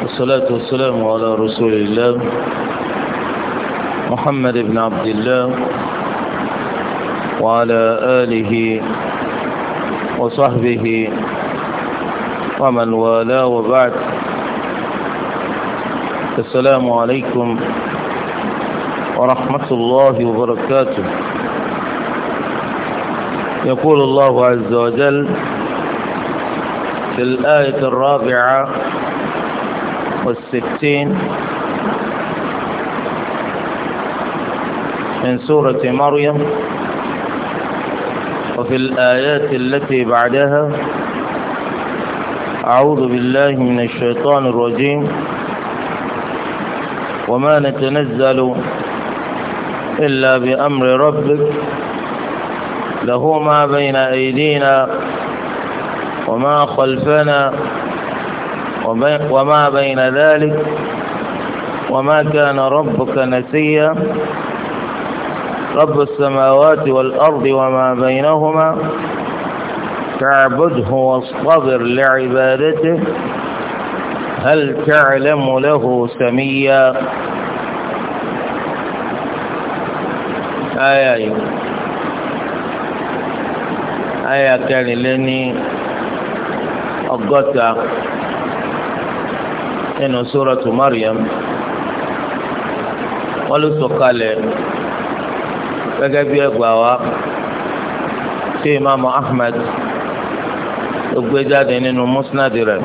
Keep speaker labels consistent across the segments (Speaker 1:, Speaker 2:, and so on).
Speaker 1: والصلاة والسلام على رسول الله محمد بن عبد الله وعلى آله وصحبه ومن والاه وبعد السلام عليكم ورحمة الله وبركاته يقول الله عز وجل في الآية الرابعة والستين من سورة مريم وفي الآيات التي بعدها أعوذ بالله من الشيطان الرجيم وما نتنزل إلا بأمر ربك له ما بين أيدينا وما خلفنا وما بين ذلك وما كان ربك نسيا رب السماوات والأرض وما بينهما فاعبده واصطبر لعبادته هل تعلم له سميا آية أيوة. آية كان لني أقطع nínú suratu Maryam wọ́n ló sọ̀kalẹ̀ gẹ́gẹ́ bí ẹgbàá wa tí imaamu Ahmad ó gbé jáde nínú musnad rẹ̀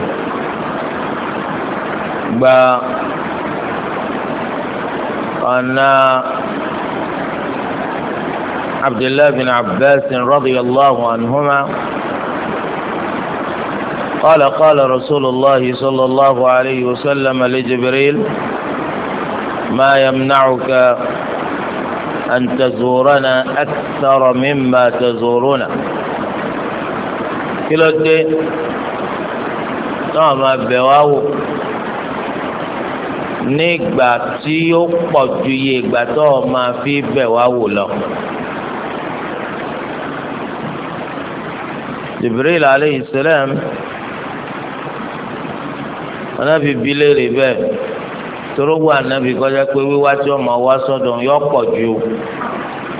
Speaker 1: gba ọ̀nà Abdullahi bin Abbas radiyallahu anhuma. قال قال رسول الله صلى الله عليه وسلم لجبريل ما يمنعك أن تزورنا أكثر مما تزورنا كلا الدين تعمى بواو نيك باتيو قجيك باتو ما في بواو لهم جبريل عليه السلام anabi bi léèrè bẹ́ẹ̀ torógbó anabi kọjá pé wíwá tí wọn máa wá sọ́dọ̀ yọ pọ̀ ju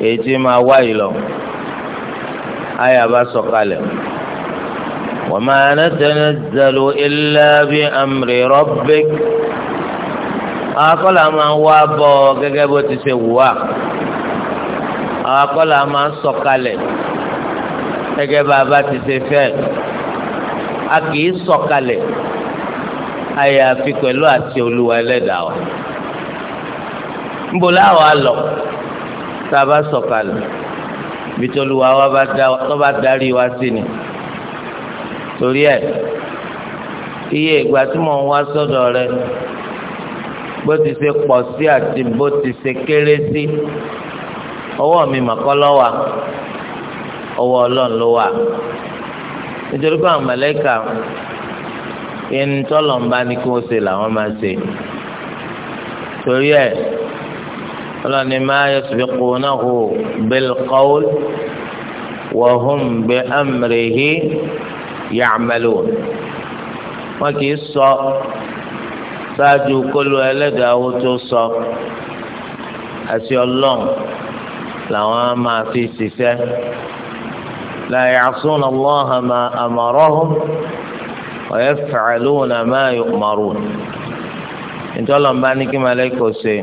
Speaker 1: èyí tí máa wá yìí lọ ayé a bá sọ̀kalẹ̀ wa ma natanazzalu illa bi amri rabbik akọ́là máa wá bọ̀ gẹ́gẹ́ bó ti ṣe wù wá akọ́là máa sọ̀kalẹ̀ gẹ́gẹ́ bá a bá ti ṣe fẹ́ a kì í sọ̀kalẹ̀. àyàfi pẹ̀lú àti olúwa ẹlẹ́dàá wa nbola wa lọ tá a bá sọ̀kalẹ̀ bitoluwa wa bá da tó darí wa sí ni torí ẹ iye ìgbà tí mò ń wá sọ́dọ̀ rẹ bó ti ṣe pọ̀ sí àti bó ti ṣe kéré sí ọwọ́ mi màkọ́ lọ́wọ́ ọwọ́ ọlọ́run ló wà nítorí pé àwọn mẹ̀lẹ́kà ẹni tọ́lọ̀ ń bá ní kí wọ́n ṣe làwọn máa ṣe torí ẹ̀ ọlọ́ni máa yasbiqunahu bil qawl wa hum bi amrihi ya'malun wọn kì í sọ ṣáájú kólú ẹlẹ́dàá tó sọ àti ọlọ́run làwọn máa fi ṣiṣẹ́ la ya'suna Allaha ma amarahum wa yaf'aluna ma yu'marun ntọ́lọ́mbá ní kí malẹ́kọ̀ọ́ ṣe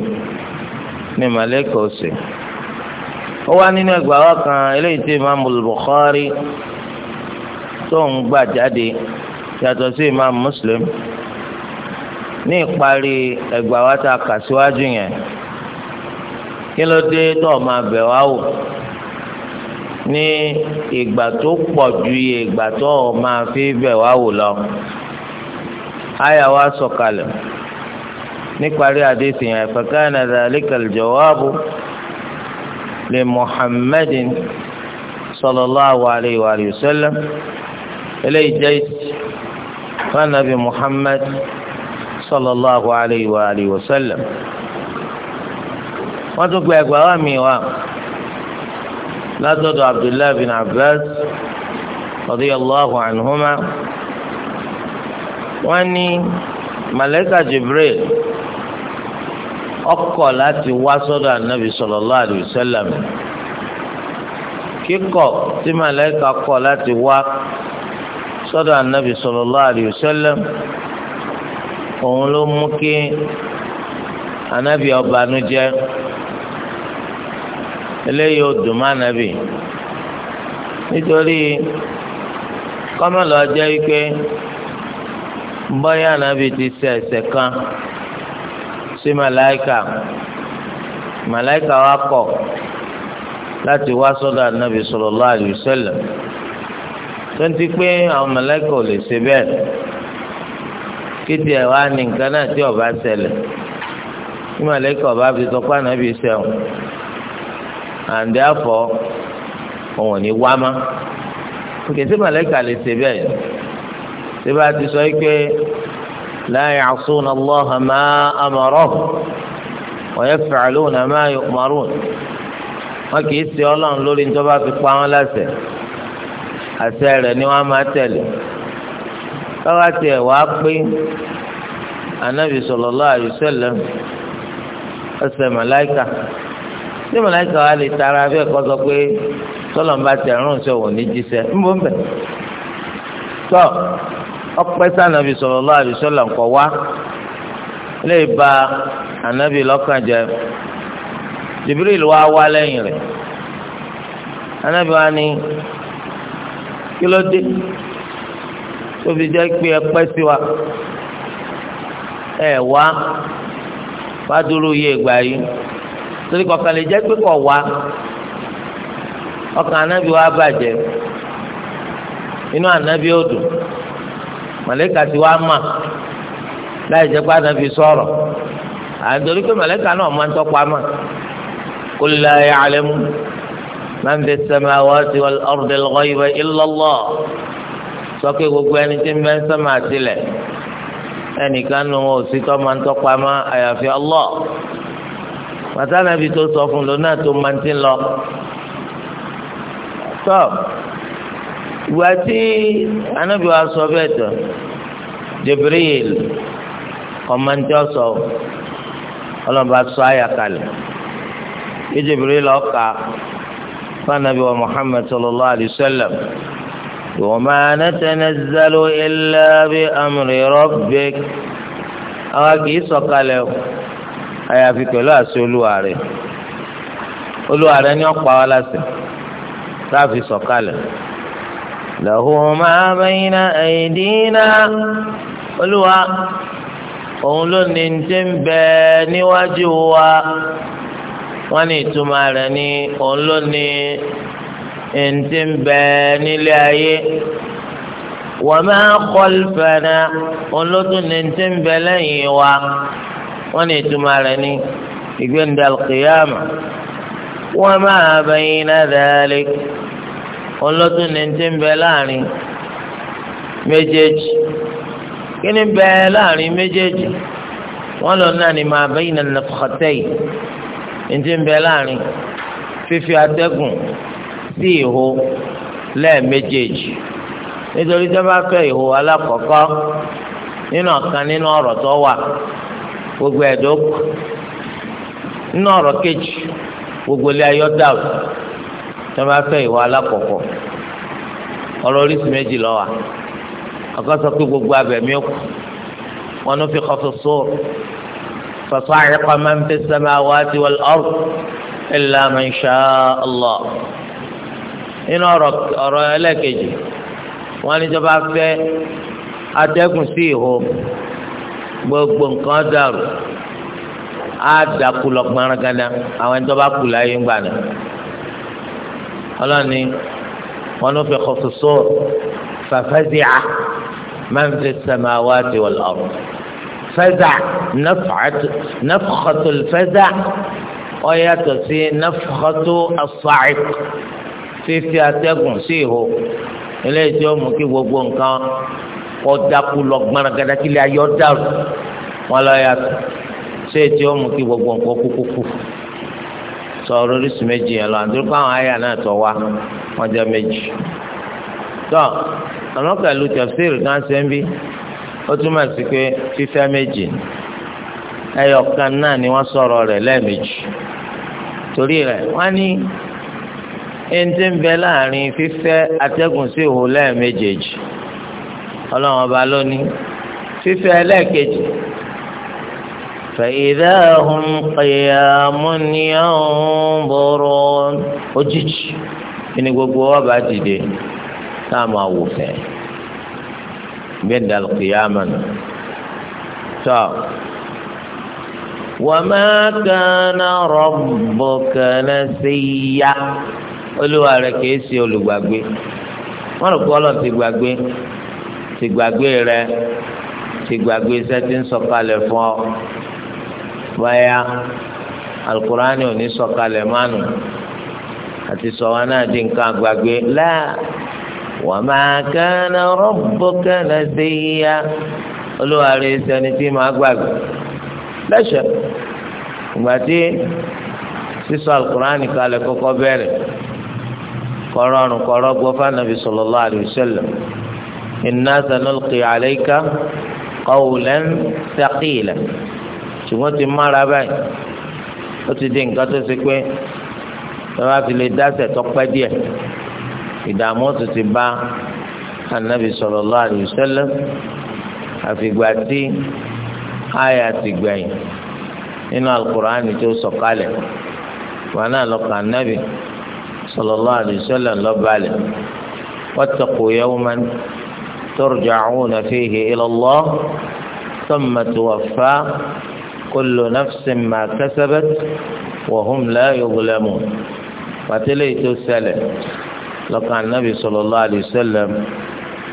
Speaker 1: ní malẹ́kọ̀ọ́ ṣe. ó wá nínú ẹgbàá wa kan eléyìí tí imaamu Bukhari tó ń gbà jáde yàtọ̀ sí imaamu Muslim ní ìparí ẹgbàá wa tá a yẹn kí ló dé tó o máa bẹ̀ wá wò ní ìgbà tó pọ̀ ju iye ìgbà tó máa fi bẹ̀ wá wò lọ. àyà wa sọ̀kalẹ̀ níparí àdéhùn yẹn fakana dhalika aljawabu li muhammadin sallallahu alayhi wa sallam eléyìí jẹ́ fanabi muhammad sallallahu alayhi wa sallam. wọ́n tún gba ẹgbàá wa mi wá látọ̀dọ̀ abdullahi bin abbas radiyallahu anhuma wọ́n ní malaika jibril ọkọ̀ láti wá sọ́dọ̀ anabi sallallahu alayhi wa sallam kíkọ̀ tí malaika kọ̀ láti wá sọ́dọ̀ anabi sallallahu alayhi wa sallam òun ló mú kí anabi ọba nu jẹ́. eléyìí ó dùn má nàbì nítorí kọ́mọ̀lọ́ jẹ́ wípé bọ́yá nàbì ti ṣe kan sí màláìkà wa kọ̀ láti wá sọ́dọ̀ ànábì sallallahu alaihi tó ń ti pé àwọn màláìkà ò lè ṣe bẹ́ẹ̀ kéde ẹ̀ wá nǹkan náà tí ṣẹlẹ̀ tí màláìkà fi sọ and therefore òun ò ní wá mọ́ òkè tí màlẹ́kà lè ṣe bẹ́ẹ̀ tí bá ti sọ pé la ya'suna Allaha ma amarahum wa yaf'aluna ma yu'marun wọn kì í ṣe ọlọ́run lórí nítorí bá fi pa wọn láṣẹ àṣẹ rẹ̀ ni wọ́n máa tẹ̀lé káwá tiẹ̀ wá pé anabi sallallahu alaihi wasallam ẹsẹ̀ tí mọ̀láìkà wa lè tara bẹ́ẹ̀ kọ́ sọ pé tọ́lọ̀ ń bá tẹ̀ ẹ̀rùn ṣe òun ní jíṣẹ́ ń bọ́ ń tọ́ ọpẹ́ sànàbì sallallahu alaihi wasallam ńkọ wá lè ba ànábì lọ́kàn jẹ Jibril wá wá lẹ́yìn rẹ̀ ànábì wa ní kí ló dé tó fi jẹ́ pé ẹpẹ́ sí wa ẹ̀ wá wá dúró yé ìgbà yìí torí kọ̀ọ̀kan lè jẹ́ pé kọ̀ wá ọkàn anábì wa bàjẹ́ inú anábì ó dùn màlẹ́kà tí wàá mà láì jẹ́ pé anábì sọ̀rọ̀ àdórí pé màlẹ́kà náà máa ń tọ́pọ̀ àmà kul la ya'lamu man fi samawati wal ardi al ghayba illa Allah sọ́kè gbogbo ẹni tí ń bẹ́ ń sẹ́mà ẹnìkan nù ó máa ń tọ́pọ̀ àmà àyàfi Allah pàtàkì tó sọ fún lọ náà tó máa ti ń lọ. tọ́ ìwà tí anábì wa sọ bẹ́ẹ̀ tọ́ Jibril ọmọdé ọlọ́mọba sọ àyàkálẹ̀ bí Jibril ọ̀ka fanabi wa Muhammad sallallahu alayhi wa sallam. وما نتنزل إلا بأمر ربك أواكي سقاليو àyàfi pẹ̀lú àṣẹ olúwa rẹ̀ olúwa rẹ̀ ni ó pa wá láṣẹ láàfi sọ̀kalẹ̀ lahu ma bayna aydina olúwa òun ló ní ti ń bẹ níwájú wa wọ́n ní ìtumọ̀ rẹ̀ ni òun ló ní ti ń bẹ nílé ayé wa ma khalfana òun ló tún ní ti ń bẹ lẹ́yìn wa wọ́n ní ìtumọ̀ rẹ̀ ní ìgbéǹde alqiyama wa ma bayna dhalik ọlọ́tún ní ti ń bẹ láàrin méjèèjì kí ni bẹ láàrin méjèèjì wọ́n lọ náà ní ma bayna an-nafkhatayn ní ti ń bẹ láàrin fífi atẹ́gùn sí ìhó lẹ́ẹ̀méjèèjì nítorí tó bá fẹ́ ìhó alákọ̀ọ́kọ́ nínú ọ̀kan nínú ọ̀rọ̀ tó wà gbogbo ẹ̀dọ́ nínú ọ̀rọ̀ kejì gbogbo ilé ayọ́ dàrú tí wọ́n bá fẹ́ ìwà alákọ̀ọ́kọ́ ọ̀rọ̀ oríṣi méjì ló wà ọ̀kan sọ pé gbogbo abẹ̀mí òkú wọn ló fi kọfí sóòrù fọ̀sọ́ àyẹ̀kọ́ máa ń fi sẹ́mà wá sí wọ́n ọ̀rù illa man sha nínú ọ̀rọ̀ ẹlẹ́kejì wọ́n ní tí wọ́n bá sí ìhó gbogbo nǹkan dàrú á dàkú lọ gbaragada àwọn ẹni tó bá kú láyé ńgbà náà ọlọ́ni wọn ló fi kọfù sọ fàfẹ́zìá máa ń fi samawati wal ard fẹ́zà nafxatu fẹ́zà ó yàtọ̀ sí nafxatu as fífi atẹ́gùn sí ihò eléyìí tí ó mú kí gbogbo nǹkan. ọ̀dàkú lọ gbọ́nrangada kí lè ayé ọ̀dàrú wọn lọ yà tó ṣé ètí ó kí gbogbo nǹkan kúkú kú sọ̀rọ̀ oríṣi méjì yẹn lọ àdúró fún àwọn àyà náà tó wá wọn jẹ́ méjì. tó àwọn pẹ̀lú tẹ̀síìrì náà ṣe ń bí ó túmọ̀ sí pé fífẹ́ méjì ẹyọ náà ni wọ́n sọ̀rọ̀ rẹ̀ lẹ́ẹ̀mejì torí rẹ̀ wọ́n ní ẹni tí ń bẹ láàrin fífẹ́ atẹ́gùn sí ìhò ọlọ́run ọba lónìí fífẹ́ ẹlẹ́ẹ̀kejì fẹ̀yìdá ọ̀hún kẹyàmúnìyàn bọ̀rọ̀ òjijì ní gbogbo ọba dìde náà máa wò fẹ́ gbẹ̀dàl وما كان wàmà kàná rọ̀bù kàná síyá olúwa rẹ̀ kìí ṣe olùgbàgbé wọn rò ti gbàgbé rẹ ti gbàgbé iṣẹ́ tí ń sọ̀kalẹ̀ fún ọ báyà alukurani ò ní sọ̀kalẹ̀ mánu àti sọ̀wọ́n náà di nǹkan gbàgbé láà wà máa kánà rọ́bù kánà sí yíyá olúwarẹ̀ tí màá gbàgbé lẹ́sẹ̀ ìgbà sísọ alukurani kalẹ̀ kọ́kọ́ bẹ̀rẹ̀ kọ́rọ́rùn kọ́rọ́ gbọ́ fún anabi sallallahu alaihi inna sanulqi alayka qawlan thaqila ṣùgbọ́n ti mára báyìí ó ti di nǹkan tó ṣe pé lọ́wọ́ fi lè dáṣẹ̀ tọ́pẹ́ díẹ̀ ìdààmú tó ti bá anabi sallallahu alayhi wa sallam àfìgbà tí àyà ti gbẹ̀yìn nínú alukur'ani tó sọ̀kalẹ̀ wọn náà lọ́kàn anabi sallallahu alayhi wa sallam lọ́balẹ̀ wattaqu yawman. ترجعون فيه إلى الله ثم توفى كل نفس ما كسبت وهم لا يظلمون فتليت السلام لقى النبي صلى الله عليه وسلم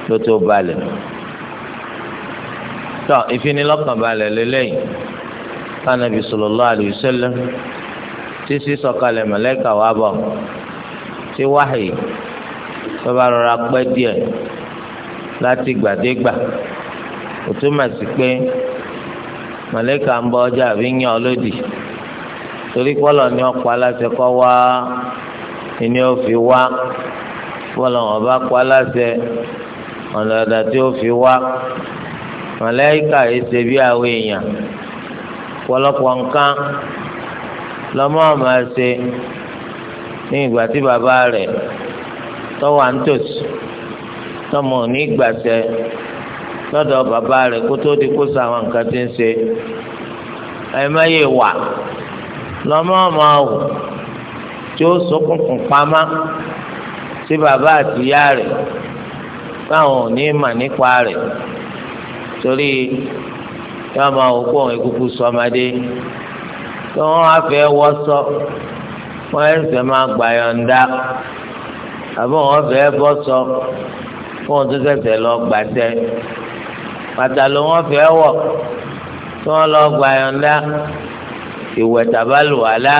Speaker 1: لتوباله tọ ìfinilọ́kànbalẹ̀ lélẹ́yìn kánàbì sallallahu alayhi wa sallam títí sọ̀kalẹ̀ mọ̀lẹ́kà wà bọ̀ tí wáhì tó bá rọra pẹ́ díẹ̀ láti gbàdégbà ó túmọ̀ sí pé màlẹ́kà ń bọ ọjà àbí yàn ọ́ lódì torí pọ́lọ̀ ni ọ̀pọ̀ aláṣẹ kọ́ wá ni ó fi wá pọ́lọ̀ wọn bá kọ́ aláṣẹ ọ̀nà ọ̀dà tí ó fi wá màlẹ́kà yìí ṣe bí àwọn èèyàn pọ̀lọpọ̀ nǹkan lọ́mọ máa ṣe ní ìgbà tí bàbá rẹ̀ tó wà nítòsí tọmọ òní gbàtẹ lọ́dọ̀ bàbá rẹ̀ kó tó di kó sa àwọn nǹkan tí ń ṣe ẹ má yé wà lọ́mọ ọmọ ọ̀hún tí ó sọkùnkùn pamá sí bàbá àtìyá rẹ̀ táwọn òní mà nípa rẹ̀ torí yọ ọmọ òkú òun ìkúkú sọmadé tí wọ́n á fẹ́ wọ́sọ wọ́n ẹ̀sẹ̀ máa gbàyọ̀ǹda àbí wọ́n fẹ́ bọ́sọ fún ọdún sẹsẹ lọ gbàtẹ bàtà ló wọn fẹ́ wọ̀ tí wọn lọ gbà yọ̀ǹda ìwẹ̀ tàbálù àlá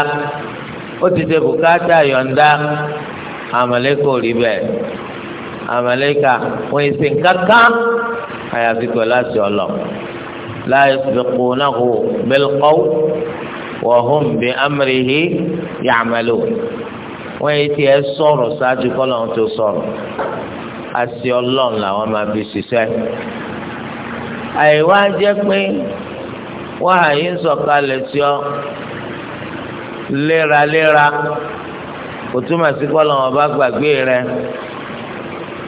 Speaker 1: ó ti ṣe bùkátà yọ̀ǹda àmàlẹ́kọ̀ rí bẹ́ẹ̀ àmàlẹ́kà wọ́n ṣe kankan àyàfi pẹ̀lú àti ọlọ la yasbiqunahu bil qawl wa hum bi amrihi ya'malun wọ́n ti ẹ̀ sọ̀rọ̀ ṣáájú kọ́lọ́n tó sọ̀rọ̀ àṣẹ ọlọ́run làwọn máa fi ṣiṣẹ́ àìwá jẹ́ pé wáhàyí ń sọ̀kalẹ̀ sí ọ léraléra kò túmọ̀ sí kọ́ lọ́wọ́ bá gbàgbé rẹ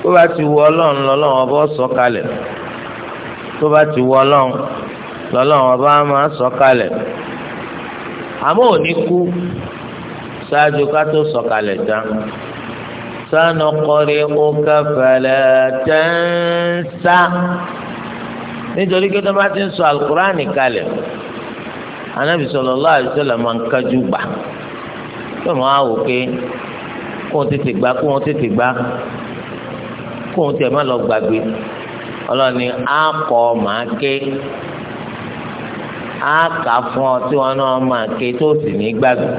Speaker 1: tó bá ti wọ ọlọ́run lọ́lọ́wọ́ bá sọ̀kalẹ̀ tó bá ti wọ ọlọ́run lọ́lọ́wọ́ bá máa sọ̀kalẹ̀ àmọ́ òní kú ṣáájú ká tó sọ̀kalẹ̀ tán sanqri'uka fala tansa nítorí pé tó bá ti ń sọ alukur'ani kalẹ̀ anabi sallallahu alaihi wasallam máa ń kájú gbà tó máa wò pé kó o tètè gbà kó o tètè gbà kó o tẹ̀ má lọ gbàgbé ọlọ́ni akọ màá ké aka fún ọ tí wọn náà máa ké tó sì ní gbàgbé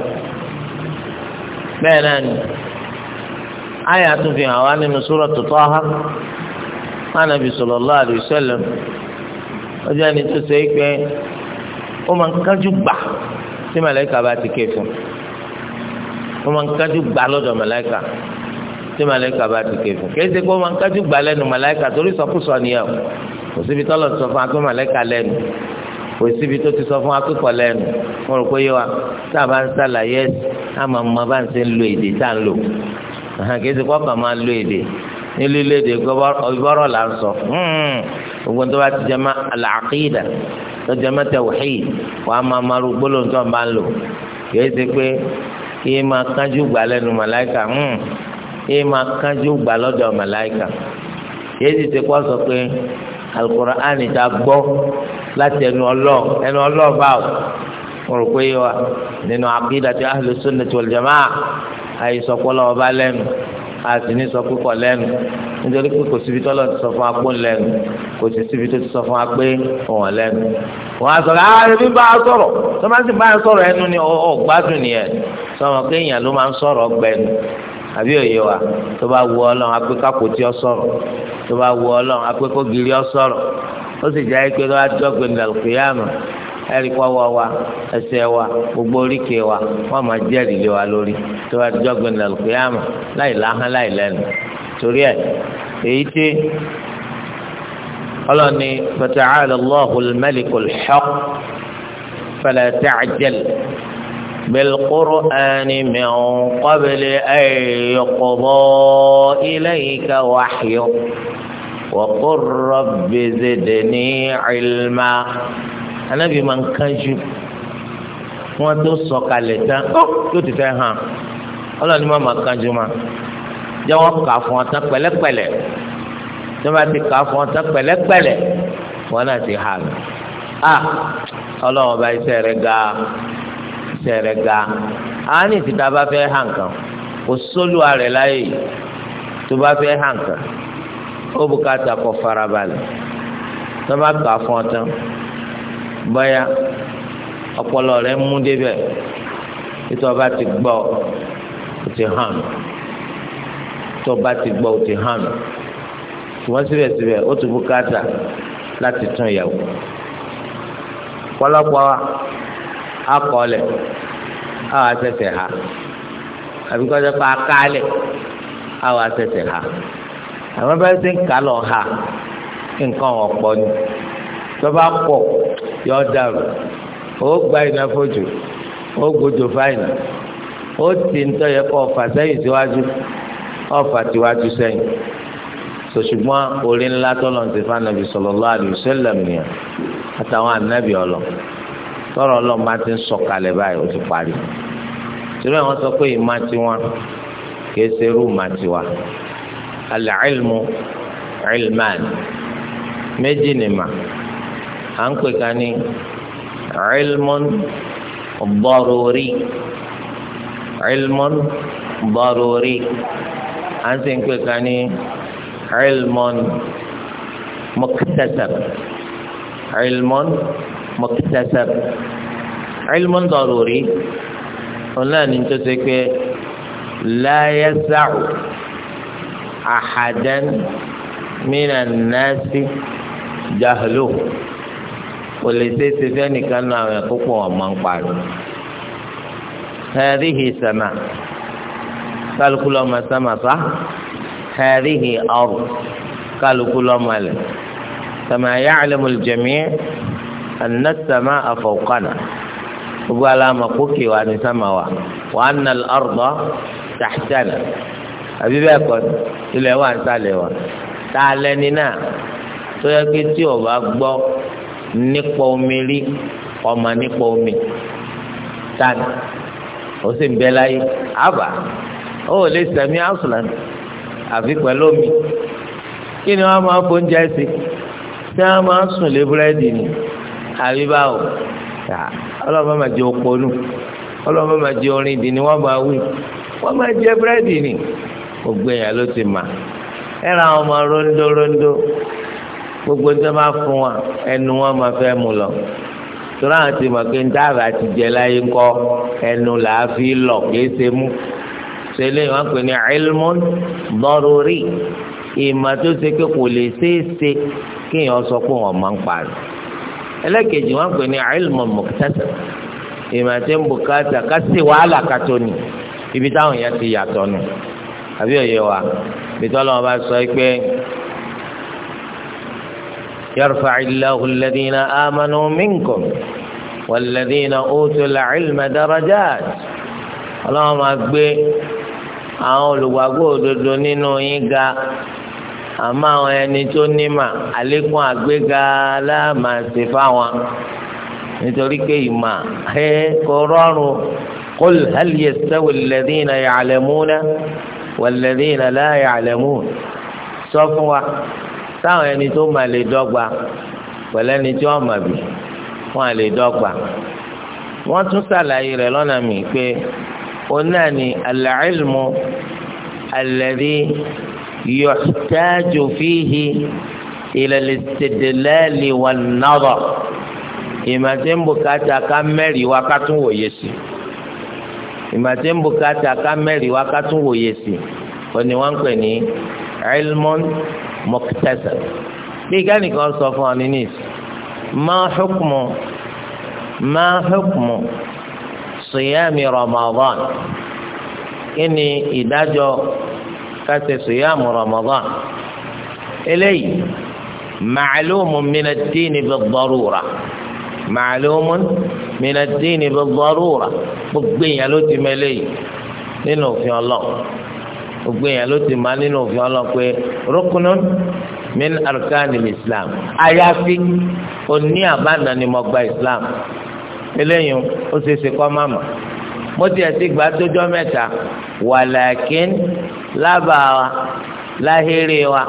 Speaker 1: bẹ́ẹ̀ náà ni. àyà tún fi hàn wá nínú Suratu Taha Ànábì sallallahu alaihi wasallam ọjọ́ ẹni tó ṣe é pé ó máa ń kájú gbà tí màláìka bá ti ké fún ó máa ń kájú gbà lọ́dọ̀ màláìka tí màláìka bá ti ké fún kì í ṣe pé ó máa ń kájú gbà lẹ́nu màláìka torí sọkúsọ o kò síbi tọ́lọ̀ sọ fún akpé lẹ́nu kò síbi tó ti sọ fún lẹ́nu mo rò pé wa tá a bá ń sàlàyé lo èdè tá kì í ti kọ́ kàn máa lo èdè ní lílo èdè ìgbọ́rọ̀ là ń sọ hmm. gbogbo tó bá ti jẹ́ al-aqida tó jẹ́ máa tawhid wàá máa máa ru gbólóhùn tó ń bá ń lò kì í ti pé kí ẹ máa kánjú gbà lẹ́nu màláìkà hmm. kí ẹ máa kánjú gbà lọ́dọ̀ màláìkà kì ti kọ́ sọ pé al-Qur'an ta gbọ́ láti ẹnu ọlọ́ ẹnu ọlọ́ báwò mo rò pé wa nínú aqidati ahlu sunnati wal jamaa àìsọpọlọ ọba lẹ́nu àtìní sọ pé kọ lẹ́nu nítorí pé kò síbi tọ́lọ̀ ti sọ fún apó lẹ́nu kò sì síbi tó ti sọ fún apé ọ̀hún lẹ́nu. wọ́n á sọ̀rọ̀ ààrẹ bí bá a sọ̀rọ̀ tó máa ń sì bá a sọ̀rọ̀ ẹnu ni ọ̀gbádùn nìyẹn sọ̀rọ̀ pé èèyàn ló máa ń sọ̀rọ̀ gbẹ̀nu àbí òye wa tó bá wu ọlọ́run apé kápótí ọ sọ̀rọ̀ tó bá wu ọlọ́run apé kógiri ọ sọ̀rọ̀ ó sì jẹ́ pé tó bá jọ́ gbẹ̀ndàlùkúyàmù ẹ̀ríkọ́ wọ wa ẹsẹ̀ wa gbogbo oríkèé wa wọ́n máa jẹ́rìí lé wa lórí tó bá dọ́gbìn lálùkìyàmù láì láhán láì lẹ́nu torí ẹ̀ èyí tí ọlọ́ni fata'ala Allahu al-maliku al-haqq fala ta'jal بالقرآن من قبل أن يقضى إليك وحيه وقل رب زدني علما anabi máa ń kánjú wọn tó sọ kalẹ̀ tán yóò ti fẹ́ hàn ọlọ́ni máa máa kánjú ma jẹ́ wọ́n kà fún ọ tán pẹ̀lẹ́pẹ̀lẹ́ tí wọ́n bá ti kà fún ọ tán pẹ̀lẹ́pẹ̀lẹ́ wọn náà ti hà mí a ọlọ́wọ́n bá iṣẹ́ rẹ̀ ga iṣẹ́ rẹ̀ ga a ní ìtìta bá fẹ́ hàn kan kò sólùwà rẹ̀ láyè tó bá fẹ́ hàn kan ó bùkátà kó farabalẹ̀ tí wọ́n bá kà fún ọ báyà ọpọlọ rẹ mú débẹ̀ títí ọba ti gbọ́ ó ti hàn tí ọba ti gbọ́ ó ti hàn ṣùgbọ́n síbẹ̀síbẹ̀ ó tún bùkátà láti tún ìyàwó pọ̀lọpọ̀ akọọlẹ àwọn asẹsẹ ha àbí kọjá pa akaalẹ àwọn asẹsẹ ha àwọn bá ti ń kà lọ ha nǹkan ọ̀pọ̀ ni tọ́ba pọ̀ yọ dàrú ó gba ìnáfojù ó gbójú fáìnà ó ti ń tọ́ yẹ kó ọ̀fà sẹ́yìn síwájú ọ̀fà tiwájú sẹ́yìn sòṣùgbọ́n orí ńlá tọ́lọ̀ ti fa nàbì sallallahu alaihi wasallam nìyẹn àtàwọn ànábì ọlọ tọrọ ọlọ máa ti ń sọ̀kalẹ̀ báyìí ó ti parí tìrẹ wọn sọ pé ìmá tiwọn kìí ṣe irú ìmá tiwa al-ilmu ilman méjì nìmá. à ń pè ká ní ilmun daruri ilmun daruri à ń sì ń pè ká ní ilmun muktasab ilmun muktasab ilmun daruri náà ní tó ṣe pé la yasa'u ahadan náà sí jahluhu. kò lè ṣe é ṣe fẹ́nìkan náà àwọn ẹ̀kọ́ pọ̀ ọmọ ń parí. hẹ́rìhì sàmà kálukú lọ́mọ sàmà fa hẹ́rìhì ọ̀rù kálukú lọ́mọ lẹ̀ sàmà ya'lamu al-jami' anna as-sama'a fawqana gbogbo aláma kókè wa ní sàmà wa wa anna al-arda tahtana àbí bẹ́ẹ̀ kọ́ ilẹ̀ wa ń sálẹ̀ wa tá a tó yẹ kí tí o bá gbọ́. nípa omi rí ọmọ nípa omi tani ó sì ń bẹ láyé àbá ó lè sẹ̀mí àfi omi kí ni wọ́n máa fọ oúnjẹ sí tí wọ́n máa sùn lé búrẹ́dì ni àbí báwo ọlọ́mọ máa jẹ òpónú ọlọ́mọ máa jẹ orin ìdí ni wọ́n máa wí máa jẹ ni gbogbo ló ti mà ra ọmọ rondo rondo gbogbo ń tẹ́ máa fún wa ẹnu wọn máa fẹ́ mu lọ tura àti màkè ń dára ti jẹ láyé kọ ẹnu làá fi lọ kìí ṣe mú ṣẹlẹ̀ wọn pè ní ilmun daruri ìmọ̀ tó ṣe pé kò lè ṣeé ṣe kéèyàn sọ pé wọn máa ń parí ẹlẹ́kejì wọn pè ní ilmun muktasab ìmọ̀ tí ń bùkátà ká sí wàhálà ká tó ní ibi táwọn yẹn ti yàtọ̀ nù àbí òye wa bí bá sọ pé. يرفع الله الذين آمنوا منكم والذين أوتوا العلم درجات اللهم أكبر àwọn olùgbàgbọ́ òdodo nínú yín ga àmọ́ àwọn ẹni tó nímà àlékún àgbéga láàmàṣe fáwọn nítorí pé ìmà ẹ kò rọrùn قل هل يستوي الذين يعلمون والذين لا يعلمون sọ fún wa sáwọn ẹni tó máa lè dọ́gba pẹ̀lú ẹni tí wọ́n máa bì wọ́n á lè dọ́gba wọ́n tún ṣàlàyé rẹ̀ lọ́nà mi pé onáà ni al-ilmu alladhi yuhtaju fihi ila al-istidlal ń bùkátà ká mẹ́rin wá ká tún wòye sí ìmàtí ń bùkátà ká mẹ́rin wá ká tún wòye sí òní wọ́n ń pè ní ilmun mọ̀kítẹ́sẹ̀ bí gánìkan sọ fún ọ nínú ìsìn máa hukmu máa hukmu siyami ramadan kí ni ìdájọ́ kásẹ̀ siyamu ramadan eléyìí màálùmù mìnàdínì bẹ dọrùrà màálùmù mìnàdínì bẹ dọrùrà gbogbo èèyàn ló nínú òfin ọlọ́run gbogbo èèyàn ló ti máa nínú òfin ọlọ́run pé rukunun min arkanil islam àyàfi òní àbáná ni mo gba islam eléyìí ó ṣe é ṣe kọ́ máma mo tiẹ̀ ti gbà tójọ́ mẹ́ta wàlàkín lábàá wa láhéré wa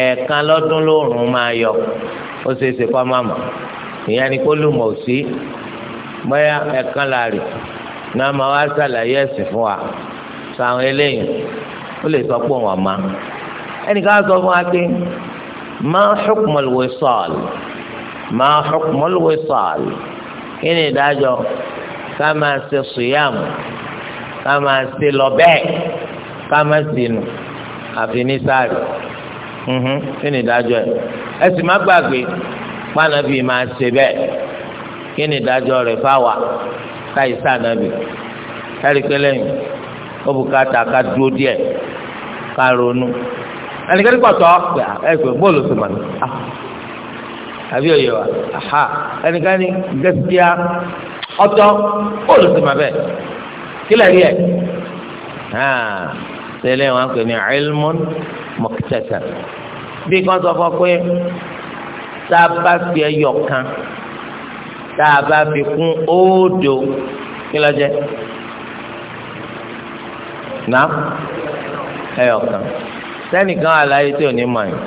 Speaker 1: ẹ̀ẹ̀kan lọ́dún lóòrùn máa yọ ó ṣe ṣe kọ́ máma ìyẹn ni kó lùmọ̀ sí bóyá ẹ̀ẹ̀kan láàrin náà máa wá ṣàlàyé ẹ̀sìn fún wa àṣà àwọn eléyìí ó lè sọ pé wọn ma ẹnìkan sọ fún wa pé ma hukmul wisal ma hukmul wisal kí ni ìdájọ́ ká máa ṣe sùyàmù ká máa ṣe lọ bẹ́ẹ̀ ká máa sínú àfi ní sáré mhm, kí ni ìdájọ́ ẹ̀ ẹ sì má gbàgbé pànàbí máa ṣe bẹ́ẹ̀ kí ni ìdájọ́ rẹ̀ fáwa káyìí sànàbí ẹ̀rí pé lẹ́yìn ó bùkátà ká dúró díẹ̀ ká ronú ẹnikẹ́ni pọ̀tọ́ pé ẹgbẹ́ bọ́ọ̀lù sí màmí àbí òye wa aha ẹnikẹ́ni gẹ́sítíà ọ̀tọ̀ bọ́ọ̀lù sí màmí kílẹ̀ rí ẹ̀ tẹ́lẹ̀ wọn pè ní ilmun mọ̀kítẹ́tẹ́ bí kan sọ fún ọ pé tá a bá fi ẹyọ kan tá a bá fi kún óòdò kí ló nà ẹyọkan sẹ́nìkan àlàyé tí ò ní mọ̀ yìí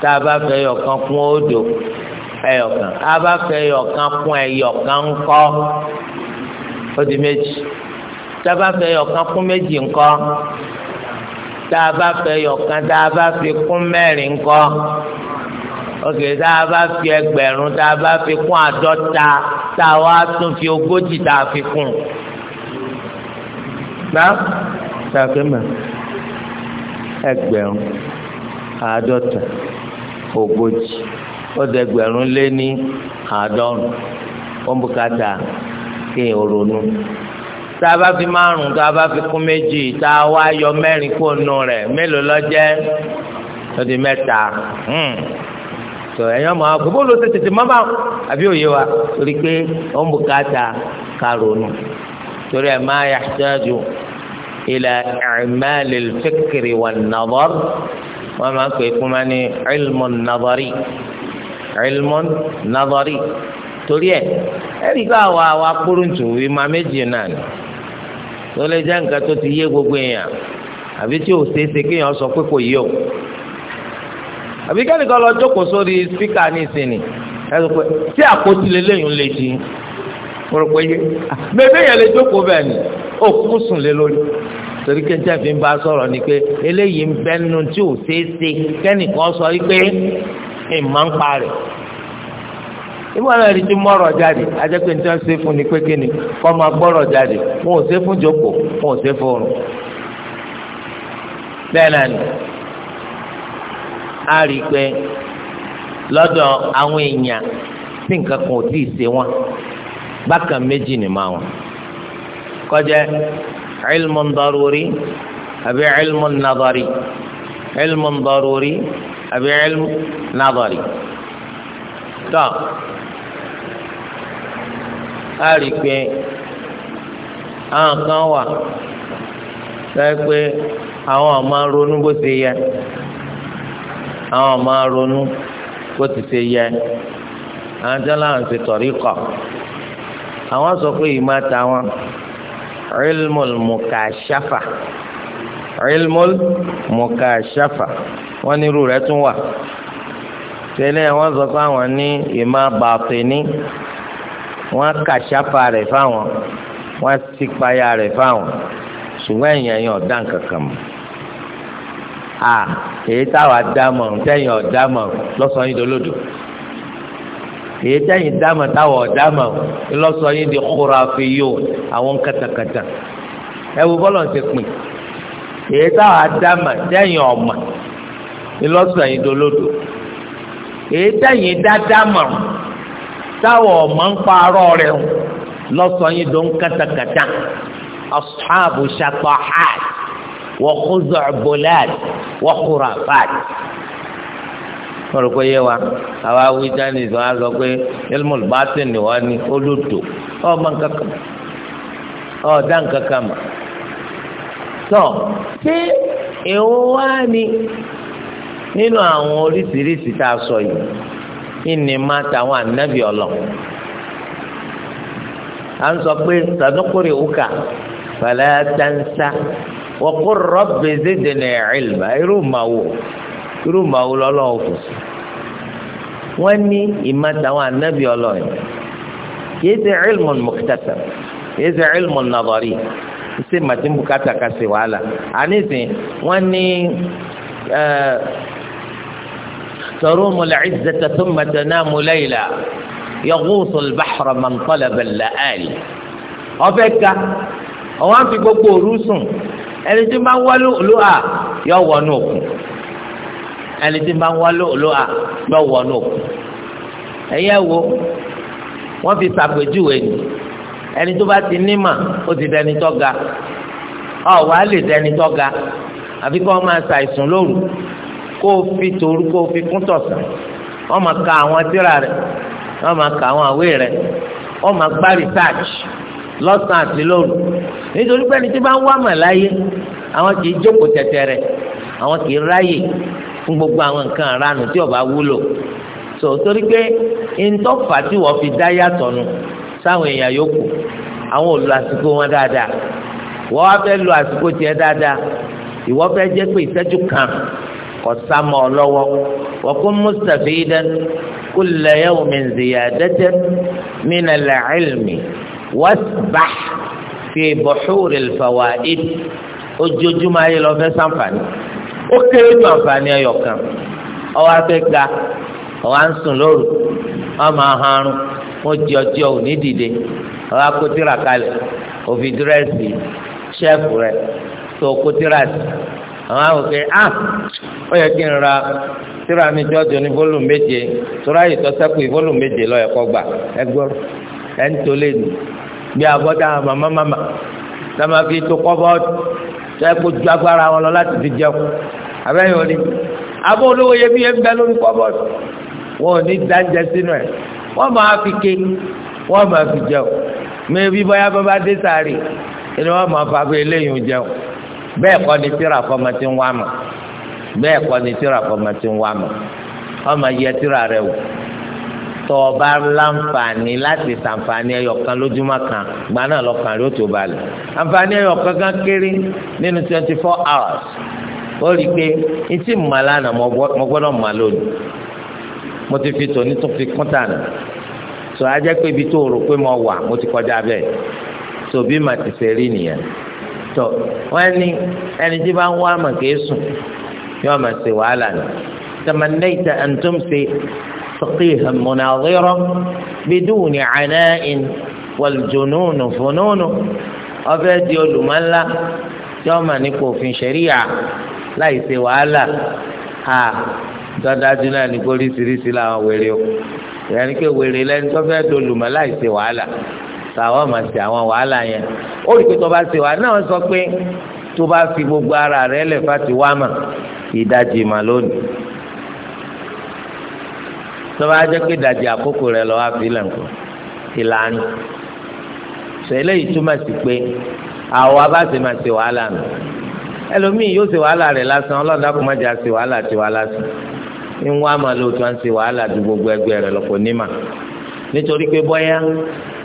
Speaker 1: tá a bá fẹ́ ẹyọkan kún odò ẹyọkan a bá fẹ́ ẹyọkan kún ẹyọkan ńkọ́ ó di méjì tá a bá fẹ́ ẹyọkan kún méjì ńkọ́ tá a bá fẹ́ ẹyọkan tá a bá fi kún mẹ́rin ńkọ́ òkè tá a bá fi ẹgbẹ̀rún tá a bá fi kún àádọ́ta tá a wá tún fi ogójì tá a fi kún sáàkì mọ̀ ẹgbẹ̀rún àádọ́ta ogójì ó dé ẹgbẹ̀rún lé ní àádọ́rùn ó ń bùkátà kéèyàn ronú tá a bá fi márùn tá a bá fi kún méjì tá a wá yọ mẹ́rin kó nù rẹ̀ mélòó ló jẹ́ ó di mẹ́ta tó ẹ̀yàn mọ̀ àwọn gbogbo olóòtú tètè má bá àbí òye wa torí pé ó ń bùkátà ká ronú torí ẹ̀ máa yà sẹ́jú ila i'mali al-fikri wan-nazar wọ́n máa ń pè fún ma ní ilmun nazari ilmun nazari torí ẹ̀ ẹ̀rí bá wa wa kúrúntù ìmọ̀ méjì náà ni tó lè jẹ́ nǹkan tó ti yé gbogbo èèyàn àbí tí ò ṣeéṣe kéèyàn sọ pé kò yé o àbí kẹ́nìkan lọ jókòó sórí spíkà ní ìsinmi ẹ sọ pé tí àpótí lélẹ́yìn lè jí mo rò pé yé bébè yẹn lè jókòó bẹ́ẹ̀ ni òkú sùn lé lórí torí kẹ́ńtẹ́ fi ń bá sọ̀rọ̀ ni pé eléyìí ń bẹ́nu tí ò ṣeé ṣe kẹ́nìkan sọ pé ìmọ̀ ń pa rẹ̀ ìwọ náà rí ti mọ̀rọ̀ jáde ajẹ́pẹ́ ní tí wọ́n ṣe fún ni pé kíni kọ́ máa gbọ́rọ̀ jáde wọn ò ṣe fún jókòó wọn ò ṣe fún oorun bẹ́ẹ̀ náà ni a rí i pé lọ́dọ̀ àwọn èèyàn tí nǹkan kan ò tí ṣe wọn bákan méjì ni máa wọn kọjá ilmun daruri àbí ilmun nadari ilmun daruri àbí ilmun nadari tó a rí i pé àwọn kan wà sọ pé àwọn ọmọ ronú bó ṣe yẹ àwọn ọmọ ronú bó ti ṣe yẹ àwọn tí láwọn ṣe tọrí kọ àwọn sọ pé ìmọ̀ àtàwọn ilmul mukashafa ilmul mukashafa wọ́n ní irú rẹ̀ tún wà tẹ́lẹ̀ wọ́n sọ pé àwọn ní ìmọ̀ bàtìní wọ́n kàṣáfà rẹ̀ fáwọn wọ́n sì payà rẹ̀ fáwọn ṣùgbọ́n èèyàn yẹn ọ̀dà kankan mọ́ à èyí táwa dá mọ̀ tẹ́yìn ọ̀dà mọ̀ lọ́sàn-án yìí dolódò èyí tẹ́yìn dáàmà táwọn ọ̀dáàmà ńlọ́sọ yín di khurafiyun àwọn kàtàkàtà ẹ wo bọ́lọ̀ ń ti pin èyí táwọn adáàmà tẹ́yìn ọ̀mà ńlọ́sọ yín dolódo èyí tẹ́yìn dáadáàmà táwọn ọ̀mà ń parọ́ rẹ̀ lọ́sọ yín dó ń kàtàkàtà ashabu shatahat wa khuz'bulat wa khurafat wọn rò pé yé wa àwa wí chinese wọn á sọ pé ilmul batin ni wọn ní olódò ọmọ nǹkan kan ọ̀dà nǹkan kan mà tọ́ ṣé èwo wá ni nínú àwọn oríṣiríṣi tá a sọ yìí ìní máa tàwọn ànábì ọlọ à ń sọ pé sàdúkúrì òkà fala tansa wa qur rabbi zidni ilma irú màá wò irú màá wọlé ọlọ́run fò sí wọ́n ní ìmọ̀ táwọn anábì ọlọ́run kìí ṣe ilmun muktasab kìí ṣe ilmun nadari ṣe màtí bukata ka ṣe wàhálà àníṣe wọ́n ní tarumu al-izzata thumma tanamu layla yaghuthu al-bahra man ọ̀fẹ́ ka ọ̀wọ́n fi gbogbo òru sùn ẹni tí wọ́n wá lóà yọ wọnú òkun ẹni tí bá ń wá lóòló à yọ wọ nù ẹyẹ wo wọn fi ṣàpèjúwe ni ẹni tó bá ti nímà ó ti dẹni tó ga ọ wàá lè dẹni tó ga àfi kó máa ṣàìsùn lóru kó o fi tòru kó o fi kún tọ̀sán wọ́n máa ka àwọn tírà rẹ̀ wọ́n máa ka àwọn àwé rẹ̀ wọ́n máa gbá research lọ́sàn àti lóru nítorí pé ẹni tí bá ń wá mà láyé àwọn kì í jókòó tẹ̀tẹ̀ rẹ̀ àwọn kì í ráyè fún gbogbo àwọn nǹkan àránù tí ó bá wúlò tó torí pé ntọ́fà tí wọ́n fi dá yàtọ̀ nu sáwọn èèyàn yòókù àwọn ò lo àsìkò wọn dáadáa wọ́n wá fẹ́ lo àsìkò tiẹ̀ dáadáa ìwọ fẹ́ jẹ́ pé ìṣẹ́jú kan kò sá mọ́ ọ lọ́wọ́ wa kun mustafidan kulla yawmin ziyadatan min al-ilmi wasbah fi buhuril fawaid ojoojúmọ́ ayé lọ fẹ́ ṣàǹfààní. ó kéré ju àǹfààní ẹyọ kan ọwọ́ afẹ́ ga ọwọ́ à lóru ọmọ ahọ́rùn wọ́n jí ọjọ́ òní dìde ọwọ́ akótìrà kalẹ̀ òfin dírẹ́sì ṣẹ́ẹ̀fù rẹ̀ tó kótìrà sí àwọn àwọn òkè á ó yẹ kí n ra tíra mi jọ́jọ́ ní fólùm méje tóra yìí tó sẹ́kù méje lọ́yẹ̀ kọ́ gbà ẹ̀ ń tolé nù bí abọ́dá màmá màmá tó ẹ kó ju agbára wọn lọ láti fi jẹun abẹ́yẹn òní abọ́ olówó iyebíye ń bẹ lórí kọ́bọ̀dù wọn ò ní dáńjẹ sínú ẹ̀ wọ́n máa fi ké wọ́n máa fi jẹun mẹ́bí báyà bá bá dé sáré ẹni wọ́n máa fa fún eléyìí jẹun bẹ́ẹ̀ kọ́ ni tíra fọmọ ti ń wá mọ̀ bẹ́ẹ̀ kọ́ ni tíra fọmọ ti ń wá mọ̀ wọ́n máa yẹ tíra rẹ wò tó o bá láǹfààní láti sàǹfààní ẹyọkan lójúmọ́ kan gba náà lọ́kàn rí ó tó balẹ̀ àǹfààní ẹyọkan kan kéré nínú twenty four hours ó rí i pé etí màlánà mo gbọ́dọ̀ mà lónìí mo ti fi tòní tó fi kún tànà tó a jẹ́ pé ibi tó rò pé mo wà mo ti kọjá bẹ́ẹ̀ tó bí mà ti ṣe rí nìyẹn tó wọ́n ní ẹni tí bá ń wá mà kéésùn yóò mà ṣe wàhálà ni tamannaita فقيها مناظرا بدون عناء والجنون فنون أبدي الملا يوم نكو في شريعة ليس ولا ها dáadáa náà ní oríṣiríṣi làwọn wèrè o ìyẹn ké wèrè lẹni tó fẹ́ dolùmọ̀ láì ṣe wàhálà tàwọn mà ṣe àwọn wàhálà yẹn ó rí i pé tó bá ṣe wàhálà náà sọ pé tó bá fi gbogbo ara rẹ̀ lẹ̀ fà ti wá mà ìdajì mà lónìí tọ́ba ajẹ́ pé ìdajì àkókò rẹ̀ lọ́wọ́ àfilẹ̀ nǹkan ìlànà sọ eléyìí túmọ̀ sí pé àwa bá ṣe máa ṣe wàhálà nù ẹlòmíì yóò ṣe wàhálà rẹ̀ lásán ọlọ́dà kò má jà ṣe wàhálà ṣe wàhálà sí ń wá máa lóòótọ́ ń ṣe wàhálà ju gbogbo ẹgbẹ́ rẹ̀ lọ́pọ̀ nímà nítorí pé bọ́yá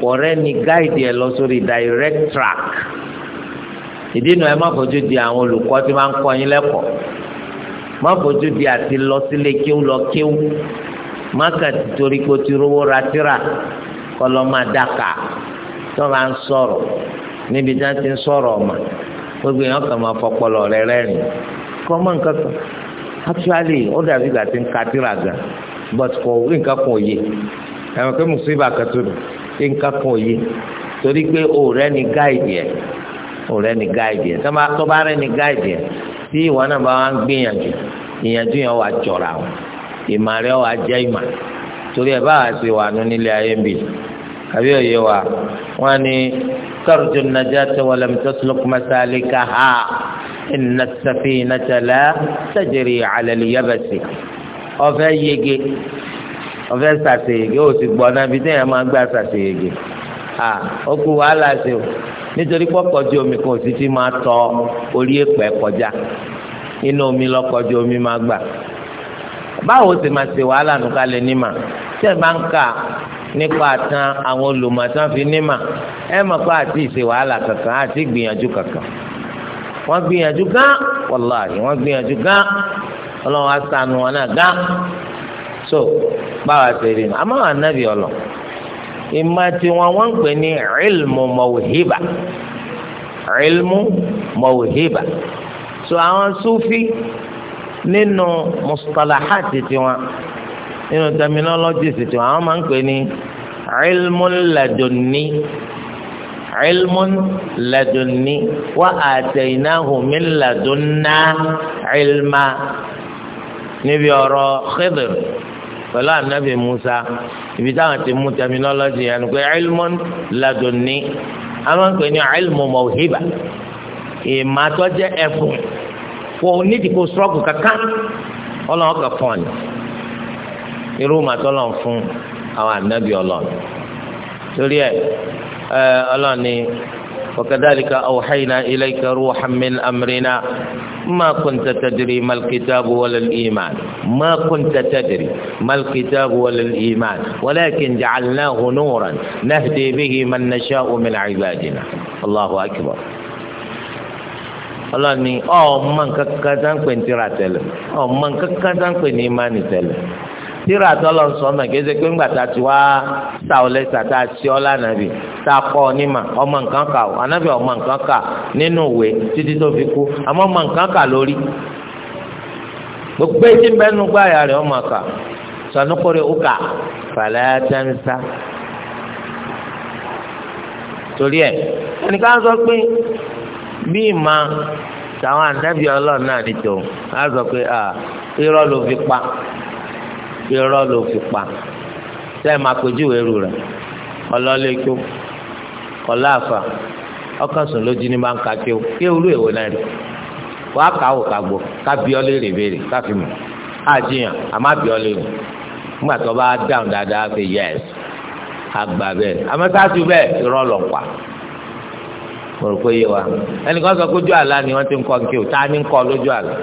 Speaker 1: kọ̀rẹ́ ni gáìdì ẹ̀ lọ sórí direct track ìdínà ẹ má fojú di àwọn olùkọ́ tí máa ń kọ́ yín lẹ́kọ̀ọ́ má fojú di àti lọ sílé kéwú lọ kéwú Maka torí kó ti rówó ra tíra kọlọ́ máa dáka tó máa ń sọ̀rọ̀ níbi tí wọ́n ti ń sọ̀rọ̀ ọ̀mà gbogbo èèyàn kàn máa fọpọlọ rẹ rẹ́rìn kọ́ mọ́ nǹkan kan actually ó dàbí ìgbà tí ń ka tíra gan but kò nǹkan kan ò yé ẹ̀wọ̀n pé mùsùlùmí àkàtó rẹ̀ nǹkan kan ò torí pé òòrẹ́ ni gáìdì ẹ̀ òòrẹ́ ni gáìdì ẹ̀ tọ́ba rẹ̀ ni gáìdì ẹ̀ tí ìwọ náà bá wá ń gbìyànjú ìyànjú yẹn wà jọra wọn ìmà rẹ wàá jẹ́ ìmà torí ẹ̀ báwa ṣe wà nù nílé ayé ń bì àbí òye wa wọn ni kárùtù nàjàtà walam tasluk masalikaha inna as-safinata la tajri ala al-yabasi ọfẹ yege ọfẹ sàṣeyege ó sì gbọ náà bí téèyàn máa gbà sàṣeyege à ó wàhálà sí o nítorí pọkọjú omi kan òsì ti máa tọ orí èpè kọjá inú omi lọkọjú omi máa gbà báwo sì máa ṣe wàhálà nù ká lè nímà tẹ́ ẹ máa ń kà nípa tán àwọn olùmọ̀tán fi nímà ẹ mọ̀ pé àti ìṣe wàhálà kankan àti ìgbìyànjú kankan wọ́n gbìyànjú gán wàláhì wọ́n gbìyànjú gán ọlọ́run aṣàánú wọn náà gán so báwa ṣe rí nu àmọ́ ànábì ọlọ ìmọ̀ tiwọn wọ́n ń pè ní ilmu mawhiba ilmu mawhiba so àwọn sufi nínú mustalahati tiwọn nínú terminologies tiwọn àwọn máa ń pè ní ilmun ladunni ilmun ladunni wa ataynahu min ladunna ilma níbi ọ̀rọ̀ Khidr pẹ̀lú anabi Musa ibi táwọn ti mú terminology yẹn pé ilmun ladunni àwọn ń pè ní ilmu mawhiba ìmàtọ́jẹ́ ẹ̀fùn fún ọ nídìí kó sọ́ọ̀kù kankan ọlọ́run kan fún ọ ni irú màtọ́lọ̀ fún àwọn ànábì ọlọ́run torí ẹ ọlọ́run ni وكذلك أوحينا إليك روحا من أمرنا ما كنت تدري ما الكتاب ولا الإيمان ما كنت تدري ما الكتاب ولا الإيمان ولكن جعلناه نورا نهدي به من نشاء من عبادنا الله أكبر ọlọ́ni ọ̀ọ́mọ nǹkan kan tá ń pè ní tíra tẹ́lẹ̀ ọ̀ọ́mọ nǹkan kan ń pè ní tíra tọ́lọ̀ ń sọ ọmọ ìgbésẹ̀ pé ńgbà tá a ti wá ta ọ lẹ́sà tá a ti ọ́ lánàbì tá a kọ́ ọ ọmọ nǹkan kà ó ọmọ nǹkan kà nínú ìwé títí tó fi kú àmọ́ ọmọ nǹkan kà lórí gbogbo etí gbáyà rẹ̀ ọmọ kà uka torí ẹ̀ bí ìmọ̀ tàwọn ànábì ọlọ́run náà ni tòun á sọ pé irọ́ ló fi pa irọ́ ló fi pa sẹ́ẹ̀ máa pèjúwe rù rẹ̀ ọlọ́lẹ́kọ́ ọláàfà ọkàn lójú ní èwo náà kà gbọ́ ká bí ọ bá dáhùn dáadáa fi yẹ ẹ̀ bẹ́ẹ̀ bẹ́ẹ̀ mo rò pé yé wa ẹnìkan sọ pé ojú àlá ni wọ́n ti ń kọ́ nkí o tá a ní ń kọ́ lójú àlá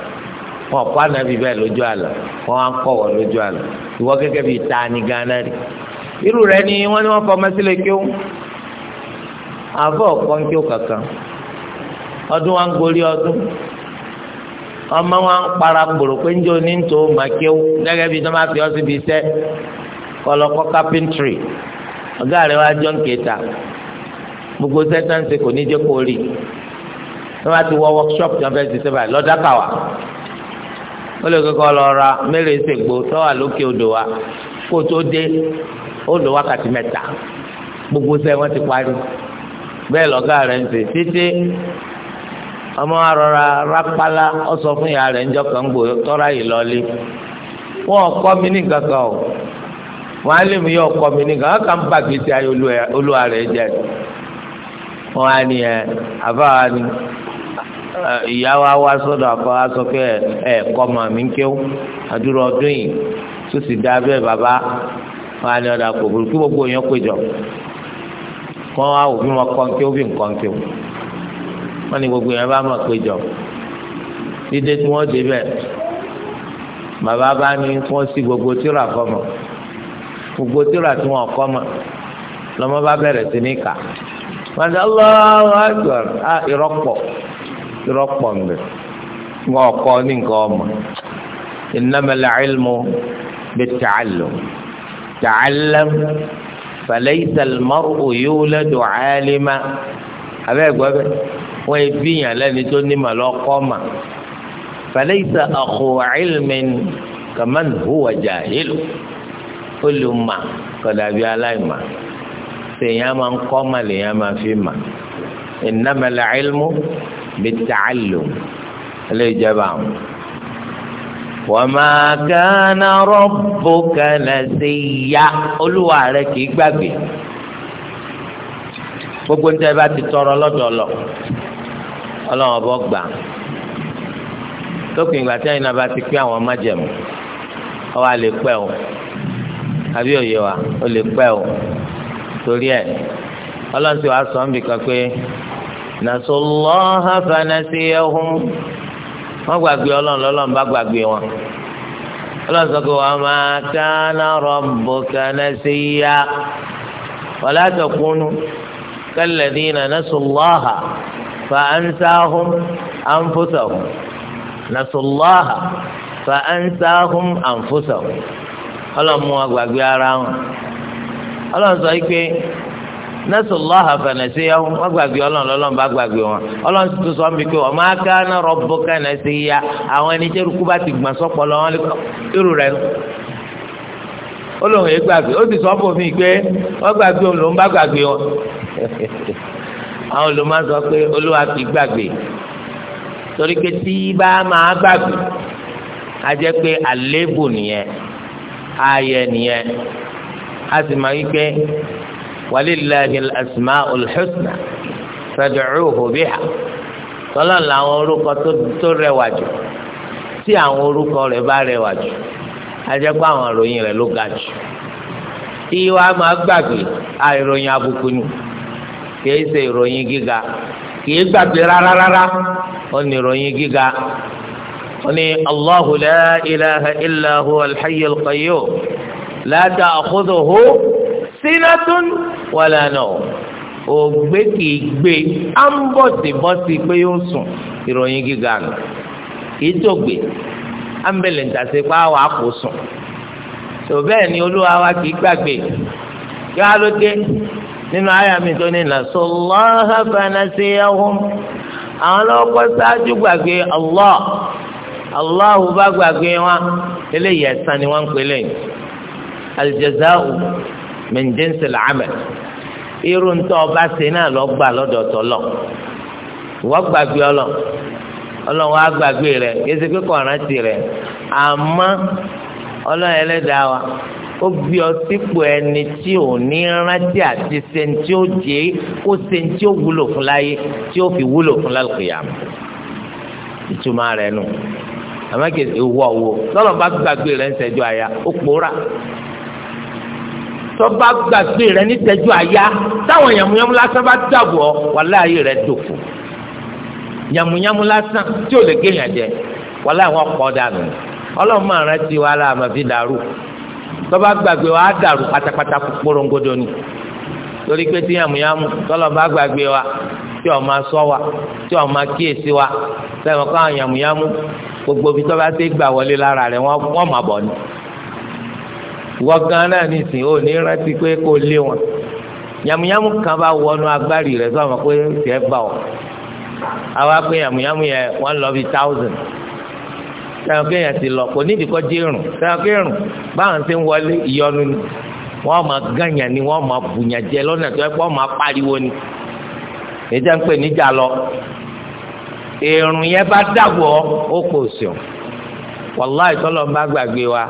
Speaker 1: wọn kọ́ ànábì bẹ́ẹ̀ lójú àlá wọn wá ń kọ́ wọ lójú àlá ìwọ gẹ́gẹ́ bíi ta ni gánà rí irú rẹ ni wọ́n ní wọ́n fọ mẹ́sílẹ̀ kí ó àbọ̀ ọ̀kọ́ nkí ó kankan ọdún wa ń gorí ọdún ọmọ wa ń para kpòrò pé ń jẹ́ oní ń tó màkíw gẹ́gẹ́ bíi tó máa fi ọ́ kọlọ́kọ́ kápẹ́ntìrì ọ̀gá rẹ̀ wá jọ́ ń gbogbo sẹ́tẹ̀ǹsì kò ní jẹ́ kó rí wọ́n bá ti wọ workshop tí wọ́n fẹ́ ti sẹ́fà lọ́dá kà wá ó lè kọ́kọ́ lọ ra mẹ́rin ìṣègbò tọ́wà lókè odò wa kó tó dé ó wákàtí mẹ́ta gbogbo sẹ́ wọ́n ti parí bẹ́ẹ̀ lọ́gá rẹ̀ ń ṣe títí ọmọ arọra rápálá ó sọ fún ìyá rẹ̀ kan tọ́ra yìí lọ́lé kọ́ mi ní kankan o á lè mú yọ ọkọ mi ní kankan ayé olúwa rẹ̀ jẹ́ wọ́n á ní ẹ àbáwá ni wa sọ́dọ̀ àbáwá sọ pé ẹ kọ́ mọ̀ mí kéw àdúrà ọdún yìí tó sì dá bàbá á ní ọ̀dà kò burú kí gbogbo èèyàn péjọ kọ́ wa òbí wọn kọ́ bí nǹkan ní gbogbo èèyàn bá mọ̀ péjọ dídé tí wọ́n dé bẹ́ẹ̀ ní wọ́n sí gbogbo fọmọ gbogbo tíra tí wọ́n kọ́ mọ̀ lọ́mọ bá bẹ̀rẹ̀ sí ní wọ́n Allah, wajar. Ah, á ìrọ́pọ̀ ìrọ́pọ̀ ń bẹ̀ wọ́n ní nǹkan ọmọ innamal ilmu bita'allum. ta'allam falaysa al-mar'u yuladu 'alima Apa ẹ̀gbọ́n bẹ́ẹ̀ wọ́n ebi yàn lẹ́ni tó ní mà lọ́kọ́ mà falaysa aku 'ilmin kaman huwa jahilu olùmọ̀ kọ̀dàbí aláìmọ̀. èèyàn máa ń kọ́ mà lèèyàn máa fi mà innamal ilmu bitta'allum ilé ìjọba àwọn. wa ma kana rabbuka nasiya olúwa rẹ kì í gbàgbé gbogbo níta bá ti tọrọ lọdọọlọ Ọlọ́run ọbọ gbà lópin ìgbà tí àyìnbá ti pé àwọn májẹ̀mú ọwọ àlè pẹ o àbí òye wa ó lè pẹ o torí ẹ̀ ọlọ́sì wa sọ ń bì kan pé nasollaha fanasiyahum wọ́n gbàgbé ọlọ́run lọ́lọ́run bá gbàgbé wọn ọlọ́run sọ pé wa ma kana rabbuka nasiya wala takunu kalladhina nasollaha fa ansahum anfusahum nasollaha fa ansahum ọlọ́run mú wọn gbàgbé ara wọn. ọlọ́run ikpe pé nasalaha fanasi ya wọn gbàgbé bá gbàgbé wọn ọlọ́run tuntun sọ mi pé wọn máa ya àwọn ẹni tẹ́lu kú bá ti gbọ̀n lọ lọ́wọ́n irú rẹ̀ nù olóhùn yìí gbàgbé ó sì sọ fún mi lòún bá gbàgbé wọn àwọn sọ pé olúwa kì í gbàgbé torí pé tí bá máa gbàgbé a pé àléébù nìyẹn ààyè nìyẹn. a sì máa wípé walillahil asma'ul husna fad'uhu biha tọ́lá làwọn orúkọ tó rẹwà jù tí àwọn orúkọ rẹ̀ bá rẹwà jù a jẹ́ pé àwọn ìròyìn rẹ̀ ló ga jù tí wàá máa gbàgbé àìròyìn àbùkù ni kìí ṣe ìròyìn gíga kìí gbàgbé rárá rárá ó ní ìròyìn gíga ó ní Allahu la ilaha illa huwa al láti àkóso hó sínátún wàlà náà ògbé kìí gbé á ń bọ̀ sí bọ́sí pé yóò sùn ìròyìn gíga nù kìí tó gbé á ń bẹ̀lẹ̀ ń tàṣe pé àwọn àpò sùn tó bẹ́ẹ̀ ni olúwa wa kìí gbàgbé kí wàá ló dé nínú àyà mi tó ní nasallaha fanasiyahum àwọn lọ́kọ́ sáájú gbàgbé Allah Allah bá gbàgbé wọn eléyìí ẹ̀san ni wọ́n ń pè lẹ́yìn. aljaza'u min jinsil amal irú ń tọ́ ọba ṣe náà lọ gbà lọ́dọ̀ tọ́lọ̀ wọ́n gbàgbé ọlọ ọlọ́wọ́n á gbàgbé rẹ̀ kéṣe pé kò rántí rẹ̀ àmọ́ ọlọ́run ẹlẹ́dàá wa ó gbé ọ sípò ẹni tí ò ní rántí àti sentí ó jẹ kó sentí ó wúlò fún láyé tí ó fi wúlò fún lálùkìyàmù ìtumọ̀ rẹ̀ nù àmọ́ kì í wọ owó bá gbàgbé rẹ̀ ń ṣẹ́jú àyà ó pòórà tọ́ba gbàgbé rẹ nítẹ́jú àyà táwọn yàmùyàmù lásán bá dàbọ̀ wàhálà ayé rẹ dòfò yàmùyàmù lásán tí ò lè géèyàn jẹ wàhálà àwọn ọkọ̀ dànù ọlọ́mọ rẹ ti wàhálà àmàfi dàrú tọ́ba gbàgbé wa á dàrú pátápátá kúkúrúngodo ni torí pé tí yàmùyàmù tọ́lọ́ba gbàgbé wa tí ọ̀ máa sọ wa tí ọ̀ máa kíyèsí wa sẹ́wọ̀n káwọn yàmùyàmù gbogbo ibi tọ́ba ti gbà wọlé lára rẹ̀ wọ́n máa bọ̀ ni wọ́n gan náà nìsín ò ní rántí pé kò lé wọn yàmùyàmù kan bá wọnú agbárí rẹ̀ sọ ma pé tiẹ̀ bá ọ àwa pé yàmùyàmù yẹ wọn lọ bí thousand sẹ́wọ̀n kéèyàn ti lọ kò nídìí kọ́ jẹ́rùn sẹ́wọ̀n kéèrùn báwọn ṣe ń wọlé ìyọnu ni wọ́n máa gànyàn ni wọ́n máa bùnyàn jẹ lọ́nà tó yẹ kó wọ́n máa pariwo ni ìjà ń pè níjà lọ èrùn yẹn bá dàgbọ́ ó pò sùn wàláì tọ́lọ́ ń bá gbàgbé wa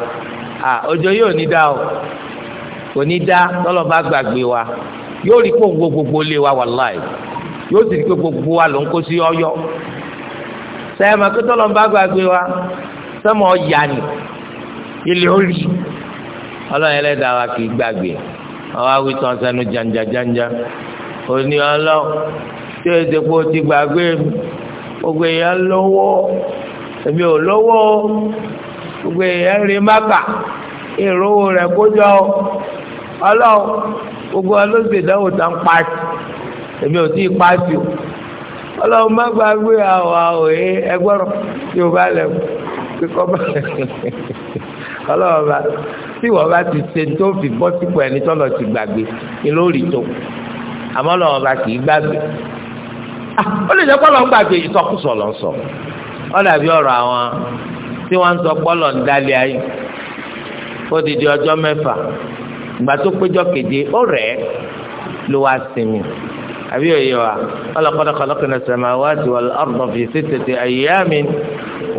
Speaker 1: à ọjọ́ yóò ní dá o kò ní dá tọ́lọ́ bá gbàgbé wa yóò rí pòǹgbò gbogbo lé wa wàláì yóò sì rí pé gbogbo wa ló ń kó sí ọyọ sẹ́yìn máa pé tọ́lọ́ bá gbàgbé wa sẹ́mọ̀ ọ̀yà ni ilé orí ọlọ́run ẹlẹ́dàá wa kì í gbàgbé àwọn awitọ̀ sẹ́nu jàǹjà jàǹjà òní ọlọ́ tí o ti kó o ti gbàgbé gbogbo èèyàn lówó èmi ò lówó gbogbo èèyàn rí máka èrò rẹ̀ kójọ ọlọ́run gbogbo ọlọ́sẹ̀ ìdánwò tá ń pàṣẹ èmi ò tí ì pàṣẹ o ọlọ́run má gbàgbé àwọn òye ẹgbọ́rọ̀ tí o bá lẹ̀ kíkọ́ bá ọlọ́run bá tí wọ́n bá ti ṣe tó fi bọ́ sípò ẹni tọ́lọ̀ ti gbàgbé ni lórí tó àmọ́ ọlọ́run bá kì í gbàgbé ah, ó lè jẹ́ kọ́ lọ́n gbàgbé ìsọkúsọ lọ́n sọ dàbí ọ̀rọ̀ àwọn tí wọ́n ń sọ pọ́lọ̀ ń dalẹ̀ ayé ó ti di ọjọ́ mẹ́fà ìgbà tó péjọ keje ó rẹ̀ ẹ́ ló wá sinmi àbí òye wa ọlọ́kọ́dọ́ kọlọ́kìnà sẹ̀mà wá ti wà lọ́rùn fi sí tètè àyè mi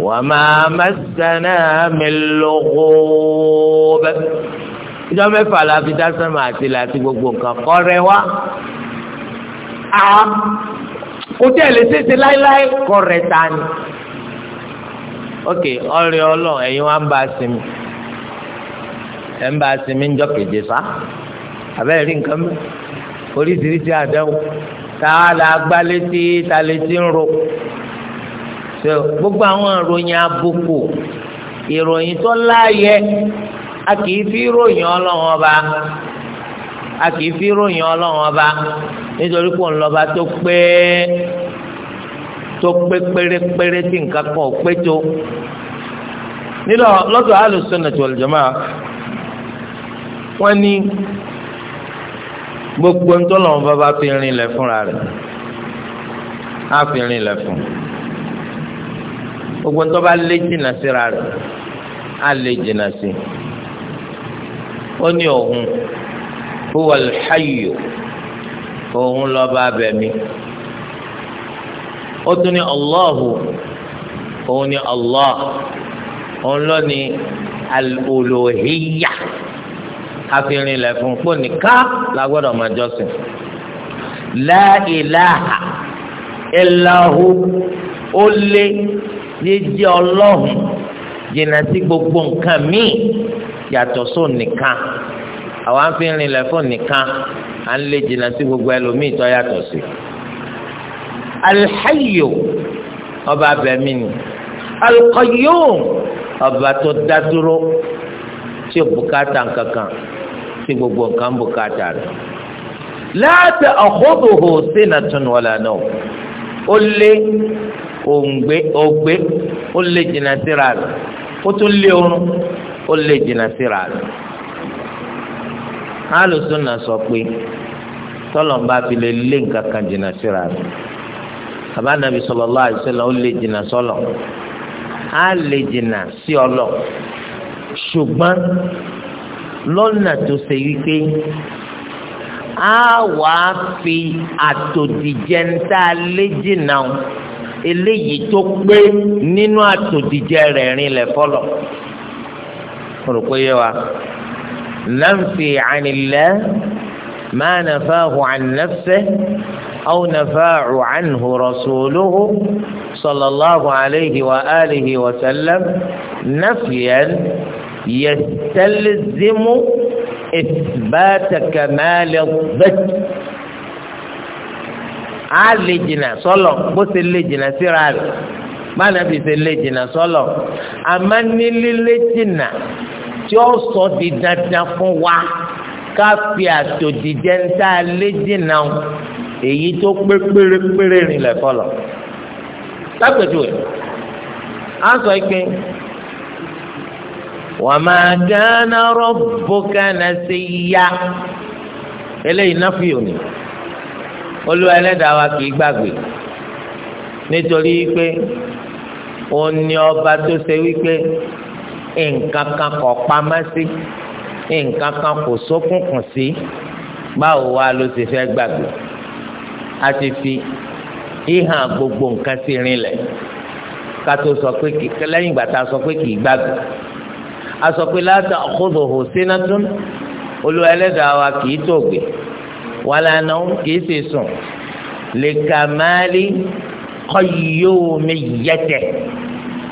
Speaker 1: wà máa má sẹ́nà mi lóko bẹ́ẹ̀. ìjọ mẹ́fà la fi dá sẹ́mà àti ilẹ̀ àti gbogbo nǹkan kọ́rẹ́ wá. a kò tẹ̀lé tètè láéláé kọ́rẹ́ ta ok ọrẹ ọlọ ẹ̀yin wa ń bá a sinmi ẹ ń bá a sinmi ń jọ keje fa abẹ́rẹ́ rí nǹkan mẹ́ oríṣiríṣi àdánwò tá la gbá létí ta létí ń ro so gbogbo àwọn ìròyìn àbùkù ìròyìn tó láàyè a kì í fi ròyìn ọlọ́run ọba a kì í fi ròyìn ọlọ́run ọba nítorí pé òun lọ́ba tó pé tó pé pérépéré tí nǹkan kan ò pé tó nílò lọ́dọ̀ alùsùnàtì ọ̀lùjọ́mọ́ wọ́n ní gbogbo ń tọ́lọ̀ wọn bá fi rin ilẹ̀ fúnra rẹ̀ á fi rin ilẹ̀ fún gbogbo ń tọ́ bá lé jìnnà síra rẹ̀ á lé jìnnà sí ó ní òun huwa al-hayyu òun lọ́ba abẹ̀mí ó tún ní Allahu òun ní Allah òun lọ ní al-uluhiyya àfihàn ilẹ̀ fún pò nìkan la gbọ́dọ̀ máa jọ́sìn la ilaha illahu ó lé yéjì ọlọ́hun jìnnà sí gbogbo nǹkan míì yàtọ̀ sóun nìkan àwọn àfihàn ilẹ̀ fún à ń lé jìnnà sí gbogbo ẹlòmíì tó yàtọ̀ sí alḥayyo ọba abẹ̀mí ni alqayyum ọba tó dádúró tí o bùkátà kankan tí gbogbo nǹkan bùkátà rẹ láti ọ̀kọ́dùhù sinatun wala nawm ó lé òǹgbé ògbé ó lé jìnnà síra rẹ ó tún lé oorun ó lé jìnnà síra rẹ alùsùn náà sọ pé tọ́lọ̀ fi lè lé nǹkan jìnnà síra rẹ bàbá nàbì sallallahu alaihi wasallam ó lè jìnnà sọlọ á lè jìnnà sí ọlọ ṣùgbọ́n lọ́nà tó ṣe wípé á wàá fi àtòdìjẹ ń tá a lè jìnnà o eléyìí tó pé nínú àtòdìjẹ rẹ̀ rinlẹ̀ fọlọ mo rò pé yé wa nàǹfì ànilẹ́ máa nàfà hù ànàfẹ́. أو نفاع عنه رسوله صلى الله عليه وآله وسلم نفيا يستلزم إثبات كمال الضد àlejìnà sọlọ bó ṣe lejìnà síra rẹ mánàbí ṣe lejìnà sọlọ àmọ́ nílé lejìnà tí ó sọ di dandan fún wa ká fi àtòjìjẹ ń tá a lejìnà o èyí tó pé pérépéré rinlẹ̀ kọlọ̀ lápẹ̀jù ẹ̀ á sọ pé wa ma kana rabbuka nasiya eléyìí náà fi òní olúwa ẹlẹ́dàá wa kì í gbàgbé nítorí pé òun ni ọba tó ṣe wípé nǹkan kan kò pamọ́ sí nǹkan kan kò sókùnkùn sí báwo wa ló ti fẹ́ gbàgbé a ti fi ìhàn gbogbo nǹkan sí rinlẹ̀ ká tó sọ pé lẹ́yìn ìgbà tá a sọ pé kì í gbàgbé a sọ pé la ta'khudhuhu sinatun olú ẹlẹ́dàá wa kì í tòògbé wala nawm kì í sì sùn likamali qayyumiyyatihi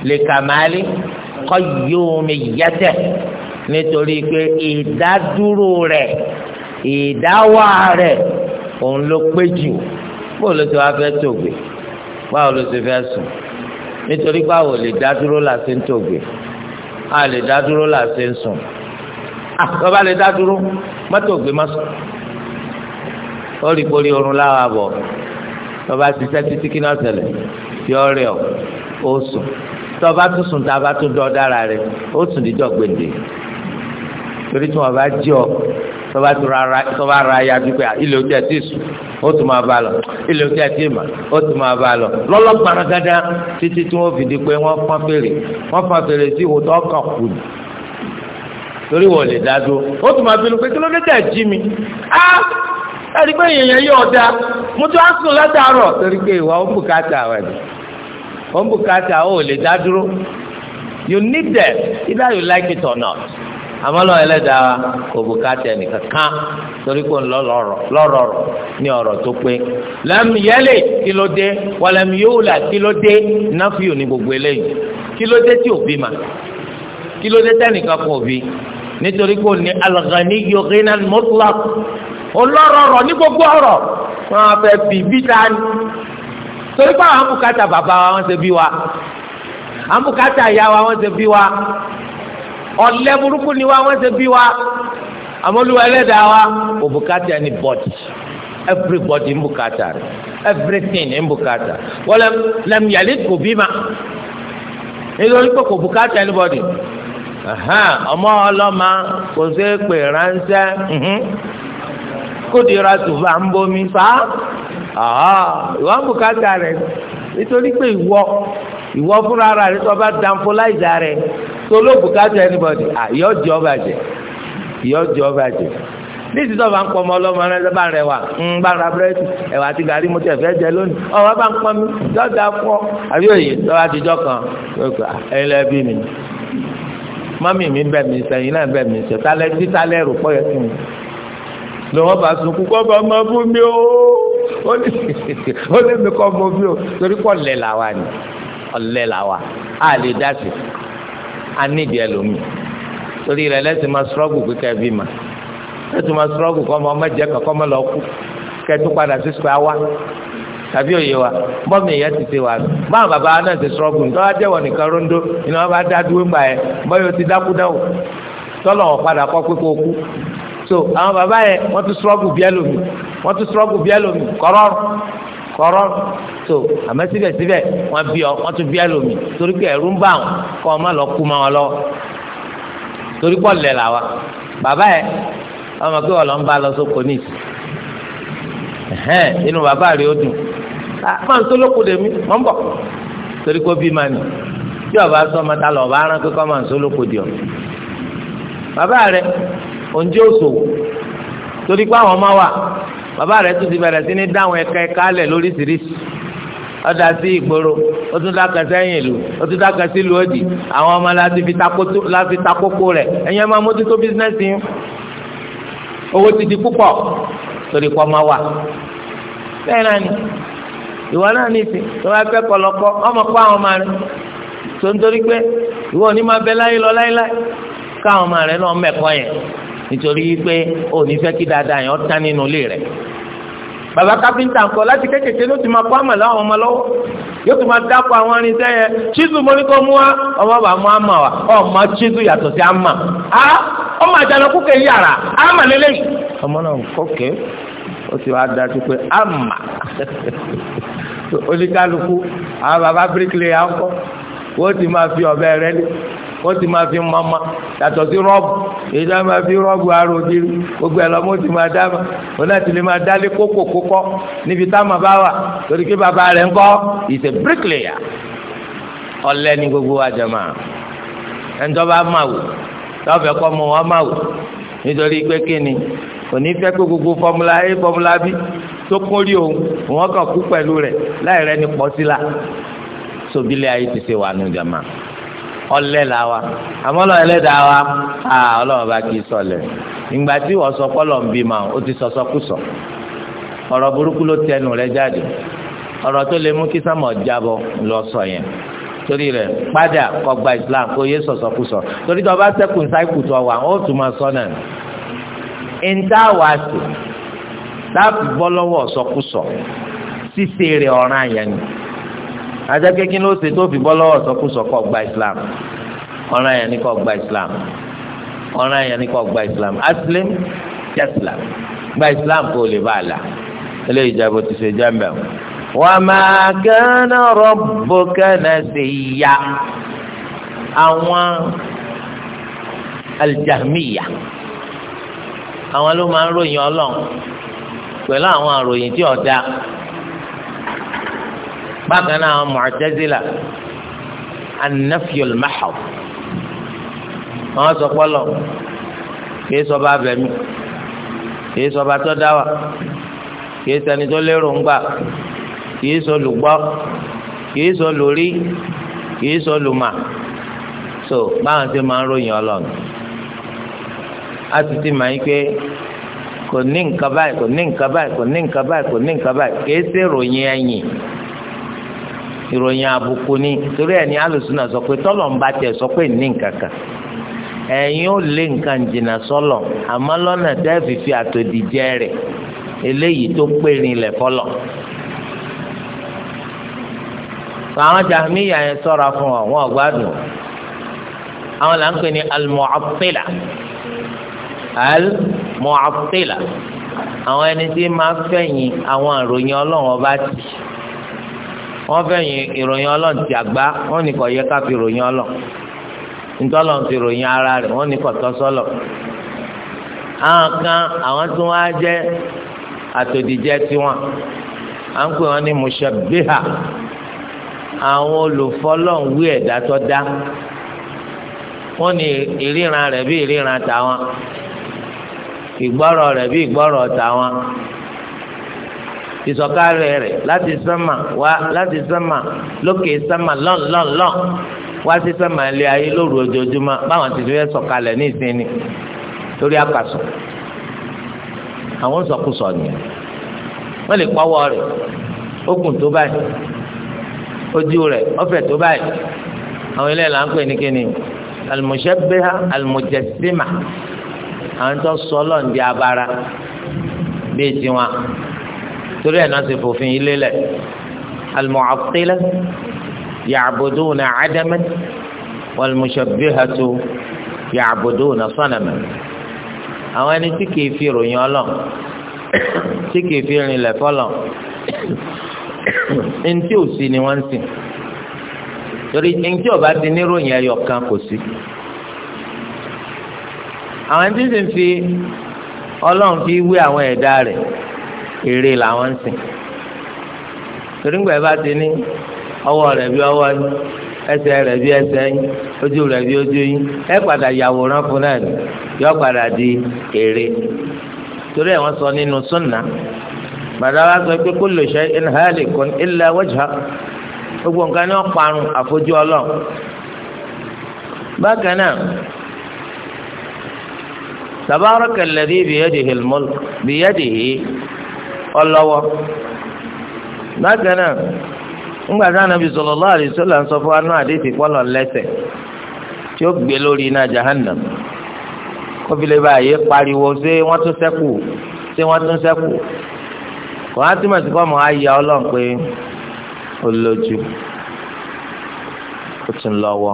Speaker 1: likamali qayyumiyyatihi nítorí pé ìdádúró rẹ̀ ìdáwà rẹ̀ òun ló pé jù bó ló ti wá fẹ́ tògbè báwo ló ti fẹ́ sùn nítorí báwo lè dá dúró là ṣe ń tògbè a lè dá dúró là ṣe ń sùn àtọ́ba lè dá dúró mọ́tò gbé má sùn ó rí borí oorun láwa bọ̀ tọ́ba ti sẹ́ títí kí náà ṣẹlẹ̀ yọ rẹ̀ ó sùn tọ́ba tún sùn tá a bá tún dọ́ dára rẹ̀ ó sùn dídọ́ gbèdé torí tí wọ́n bá jí ọ tọ́ba ara ya bí pé ah, ilé ojú ẹ̀ ti sùn ó tún máa bá lọ ilé ojú ẹ̀ ti mà ó tún máa bá lọ lọ́lọ́gbàrán títí tí wọ́n fi di pé wọ́n fọ́n fèrè wọ́n fọ́n fèrè sí kù torí wọ́n lè dá dúró ó tún máa bínú pé kí ló dé tẹ̀ jí mi á ah, pé èèyàn yóò da mo tún á sùn látàárọ̀ torí pé ìwà Amalo lọ́wọ́ ẹlẹ́dàá kò bùkátà ẹnìkan kan torí kò ń lọ lọ́rọ̀ ní ọ̀rọ̀ tó pé lam yalid kí ló dé walam yulad kí ló dé náfíò ní gbogbo eléyìí kí ló dé tí òbí mà kí ló dé tẹ́nìkan kan nítorí kò ní al-ghaniyyu ghinan mutlaq olórọ̀rọ̀ ní gbogbo ọ̀rọ̀ wọn á fẹ́ bí ta ni torí pé àwọn bùkátà bàbá wa wọ́n ṣe bí wa àwọn bùkátà ìyá wa wọ́n ṣe bí wa ọ̀lẹ́ burúkú ni wa wọ́n ṣe bí wa àmọ́lúwa ẹlẹ́dàá wa òbúkátà ni bọ́dì everybody ń bùkátà rẹ̀ everything ń bùkátà wọ́n lẹ́m yàlẹ́ kò bí ma nítorí pé kò bùkátà anybody ọmọ ọlọ́mà kò sí pè ránṣẹ́ mhm. kódìrà tùfà ń bomi fa ìwọ́n bùkátà rẹ̀ nítorí pé ìwọ ìwọ fúnra ara rẹ tó bá dànfó láìjà rẹ tó ló bùkátà anybody àyọ jẹ ọba jẹ ìyọ jẹ ọba jẹ ní ìsìn tó bá ń pọ ọmọ ọlọmọ rẹ bá rẹ wà ń bá ra búrẹ́dì ẹ̀wà àti gàrí mo tẹ̀ fẹ́ jẹ lónìí ọwọ́ bá ń pọ mi lọ́dà fún ọ àbí òye lọ́wọ́ àtijọ́ kan ẹlẹ́bí mi mọ́mì mi bẹ̀ mí sẹ́yìn náà bẹ̀ mí sẹ́yìn tálẹ́ tí tálẹ́ rò pọ̀ yẹ sí mi lọ́wọ́ bá sunkún kọ́ bá máa fún mi ó ó lè mi kọ́ mọ́ mi ó torí pọ̀ lẹ̀ làwa ni ọ̀lẹ làwà á lè dá sí a nídìí ẹlòmíì torí rẹ̀ lẹ́sìn máa sọ́ọ̀gù kíkẹ́ bí ma lẹ́sìn máa sọ́ọ̀gù kọ́ ọmọ mẹ́jẹ kọ́kọ́ mọ́ lọ kú kẹ́tù padà sí sùpà wá tàbí òye wa bọ́ọ̀mù ìyá ti ṣe wà lọ báwọn bàbá náà ti sọ́ọ̀gù ní tọ́wá jẹ́wọ̀ nìkan róńdó iná wọn bá dá dúró ńgbà yẹn bọ́yọ̀ ti dákú dáwọ̀ tọ́lọ̀ padà kọ́ pé kó kú so àwọn bàbá yẹn wọ́n ti sọ́ọ̀gù bí ẹlòmíì wọ́n ti sọ́ọ̀gù bí ẹlòmíì kọ́rọ́rùn Kọrọ tó àmọ́ síbẹ̀síbẹ̀ wọ́n bí ọ wọ́n tún bí ẹlòmíì torí pé ń lọ kú mọ́ wọn lọ torí bàbá ń bá lọ sóko ní ìsìn ẹ̀hẹ́n inú bàbá rẹ̀ ó dùn ah, máa ń tó lóko dè mí torí pé ọba sọ ọba kọ́ máa ń tó lóko bàbá òṣòwò torí pé àwọn wa bàbá rẹ̀ tún ti bẹ̀rẹ̀ sí ní dáhùn ẹ̀ka ẹ̀ka alẹ̀ lóríṣiríṣi ọ̀dà sí ìgboro ó tún dákẹ́ sẹ́yìn ìlú ó tún dákẹ́ sí ìlú òdì àwọn ọmọ láti fi takókó rẹ̀ ẹ̀yin ẹ̀ mójútó bísínẹ́sì yín owó ti di púpọ̀ torí kọ́ máa wà bẹ́ẹ̀ náà ni ìwọ náà ní ìsìn tó bá fẹ́ kọ̀lọ̀kọ̀ ọmọ kọ́ àwọn ọmọ rẹ̀ tó ń torí pé ìwọ ní máa bẹ láyé lọ láyé láyé káwọn ọmọ rẹ̀ náà mẹ́kọ́ yẹn nítorí pé ò ní fẹ́ kí dáadáa yẹn tán nínú ilé rẹ̀ bàbá kápẹ́ńtà ńkọ láti kékeré ló ti máa kó àmọ̀ láwọn ọmọ lọ́wọ́ yóò ti máa dáko àwọn irinṣẹ́ yẹn chizu mo ní kó mú wa ọmọ bàbá mú àmà wa ọmọ chizu yàtọ̀ sí àmà á ọmọ àjànà kúkẹ́ yàrá àmà lélẹ́yìn. ọmọ náà kọ́kẹ́ ó ti wá dájú pé àmà oníkálukú àwọn bàbá bíríkìlì yà ń kọ́ wọ́n ti máa fi ọ̀bẹ rẹ wọ́n ti máa fi mọ́mọ́ yàtọ̀ sí rọ́ọ̀bù èyí tó máa fi rọ́ọ̀bù aró ògiri gbogbo ẹ̀ lọ́mọ́ ti máa dáma òun náà ti lè máa dálé kókò kókọ́ níbi táwọn bá wà torí pé bàbá rẹ̀ ń kọ́ is a bricklayer ni gbogbo wa jẹ̀mọ́ ẹ̀ńtọ́ bá máa wò tọ́fẹ̀ kọ́ mọ wọn máa wò nítorí pé kíni òní fẹ́ pé gbogbo fọmúlà a fọmúlà b tó kórí òun wọn kàn kú pẹ̀lú rẹ̀ láì rẹ́ni pọ̀ sí la sobilẹ̀ ayé ti ṣe wà nù jẹ̀mọ́ ọlẹ́ la wa àmọ́ ọlọ́run ẹlẹ́dàá wa ọlọ́run bá kì í sọlẹ̀ ìgbà tí wọ́n sọ kọ́lọ̀ ń bí ma ó ti sọ sọkúsọ ọ̀rọ̀ burúkú ló tẹnu rẹ̀ jáde ọ̀rọ̀ tó lè mú kí sámọ̀ jábọ̀ lọ sọ yẹn torí rẹ̀ padà kọgbà Islam kò yé sọ̀sọ̀kúsọ torí tó bá sẹ́kù ṣáìkù tó wà ó tún máa sọ náà ìta wà sí táàpù bọ́ lọ́wọ́ sọkúsọ ṣíṣe rẹ̀ ọ̀ràn yẹn ni ajá kékin ló ṣe tó fi bọ́ lọ́wọ́ sọkúsọ kó gba islam ọ̀ràn yẹn ni kó gba islam ọ̀ràn yẹn ni kó gba islam aslim tẹ́sílám gba islam kó lè bá a la eléyìí jẹ́ bó ti ṣe jẹ́ mbẹ́ wa ma kana rabbuka nasiya àwọn aljahmiya àwọn ló máa ń ròyìn ọlọ́run pẹ̀lú àwọn àròyìn tí ọ̀dà bákan náà Mu'tazila an-nafyul mahad wọ́n sọ pọlọ kìí sọba abẹmí kìí sọba tó dáwà kìí ṣẹni tó lérò ń gbà kìí sọ lùgbọ́ kìí sọ lórí kìí sọ lùmà so báwọn ṣe máa ń ròyìn Ọlọ́run a ti ti máa ń pé kò ní nǹkan báyìí kò ní nǹkan báyìí kò ní nǹkan báyìí kò ní nǹkan báyìí kìí ṣe ròyìn ẹ̀yìn. ìròyìn àbùkù ni torí ẹ̀ ní alùsùnà sọ pé tọ́lọ̀ ń bá tiẹ̀ sọ pé ní nǹkan kan ẹ̀yin ò lé nǹkan jìnnà sọ́lọ̀ àmọ́ lọ́nà fi àtòdìjẹ́ rẹ̀ eléyìí tó périn lẹ̀ fọlọ̀ àwọn yẹn fún ọ wọn gbádùn àwọn là ń pè ní àwọn ẹni tí máa fẹ̀yìn àwọn àròyìn wọ́n fẹ̀yìn ìròyìn ọlọ́run ti àgbá wọ́n ní kò yẹ ká fi ròyìn ọlọ́run ntọ́lọ̀ fi ròyìn ara rẹ̀ wọ́n ní kò tọ́ sọ́lọ̀ àwọn kan àwọn tí wọ́n á jẹ́ àtòdìjẹ́ tiwọn à ń pè wọ́n ní mushabbiha àwọn olùfọlọ́ǹwé ẹ̀dá tó dá wọ́n ní ìríran rẹ̀ bí ìríran tàwọn ìgbọ́rọ̀ rẹ̀ bí ìgbọ́rọ̀ tàwọn ìsọ̀kalẹ̀ rẹ̀ láti sánmà wá láti sánmà lókè sánmà lọ́nlọ́nlọ́n wá sí sánmà ilé ayé lóru ojoojúmọ́ báwọn ti fẹ́ sọ̀kalẹ̀ ní ìsinmi torí àkàsọ̀ àwọn sọkúsọ nìyẹn wọ́n lè pọ́wọ́ rẹ̀ okùn tó báyìí ojú rẹ̀ ọ̀fẹ́ tó báyìí àwọn ilé là ń pè ní kíni alimusẹbẹha alimujẹsima àwọn tó sọ ọlọ́ọ̀dì abara bíi tiwọn torí ẹ̀ náà ti fòfin ilé lẹ̀ al-mu'attila ya'buduna 'adaman wal-mushabbihatu ya'buduna sanaman àwọn ẹni tí kìí fi ròyìn ọlọ tí kìí fi rinlẹ̀ fọlọ ntí ò sí ni wọ́n ń torí ntí ọba ti ní ròyìn ẹyọ kan kò sí àwọn ẹni tí sì ń fi ọlọ́run fi wé àwọn ẹ̀dá rẹ̀ eré làwọn ń sìn torí ngbà bá ti ní ọwọ́ rẹ̀ bí ọwọ́ yín ẹsẹ̀ rẹ̀ bí ẹsẹ̀ yín ojú rẹ̀ bí ojú yín ẹ padà yàwòrán fún náà ni yọ padà di eré torí ẹ̀ wọ́n sọ nínú súnà bàdáwà sọ pé kullu shay'in halikun illa wajha gbogbo nǹkan ní ọ̀parun àfojú ọlọ́run bákan náà tabaraka biyadihi almulk biyadihi. ọlọ́wọ́ bákan náà ńgbà tí anabi sallallahu alaihi wasallam ń sọ fún anú àdéhìí pọ́lọ̀ lẹ́sẹ̀ tí ó gbé lórí iná jahannam kó fi pariwo ṣé wọn tún sẹ́kù ṣé wọ́n tún sẹ́kù kò á túmọ̀ sí fọ́ọ̀mù ayé ọlọ́run pé ó lójú ó tún lọ́wọ́ ó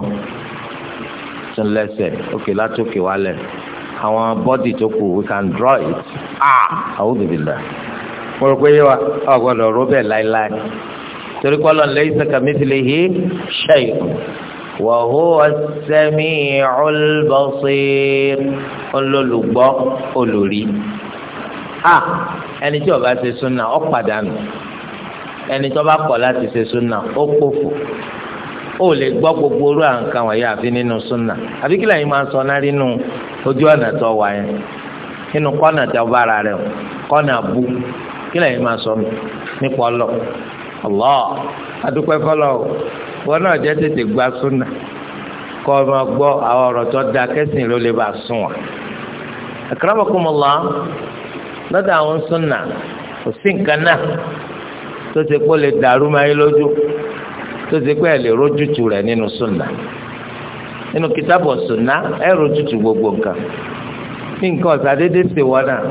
Speaker 1: tún lẹ́sẹ̀ òkè látòkè wálẹ̀ àwọn bọ́dì tó kù we can draw it ah àwùjọ bìlẹ̀. mo rò pé yé wa ọ̀gbọ́dọ̀ rọ́bẹ̀ láéláé torí pé ọlọ́run lẹ́yìn sẹ́ka mithlihi shay wa huwa as-sami'ul basir olólùgbọ́ olùrí. a ẹni tí ó bá ṣe súnà ó pàdánù ẹni tí ó bá kọ̀ láti ṣe súnà ó pòfò ó lè gbọ́ gbogbo orú àǹkà wọ̀nyí àfi nínú súnà àbí kí lẹ́yìn máa sọ náà nínú ojú ọ̀nà tó wà nínú kọ́nà tó bára rẹ̀ kọ́nà bú kílẹ̀ yìí máa sọ nípa ọlọ ọlọ adúpẹ́ wọn náà jẹ́ tètè gba súnà kọ́ ọ gbọ́ àwọn ọ̀rọ̀ tó da kẹ́sìn ló lè bá sùn wọn. akramakumullah lọ́dọ̀ àwọn súnà kò sí nǹkan náà tó ti lè dàrú máa yín lójú tó ti lè rójútu rẹ̀ nínú súnà nínú kìtàbọ̀ súnà gbogbo nǹkan ní nǹkan ọ̀sà náà.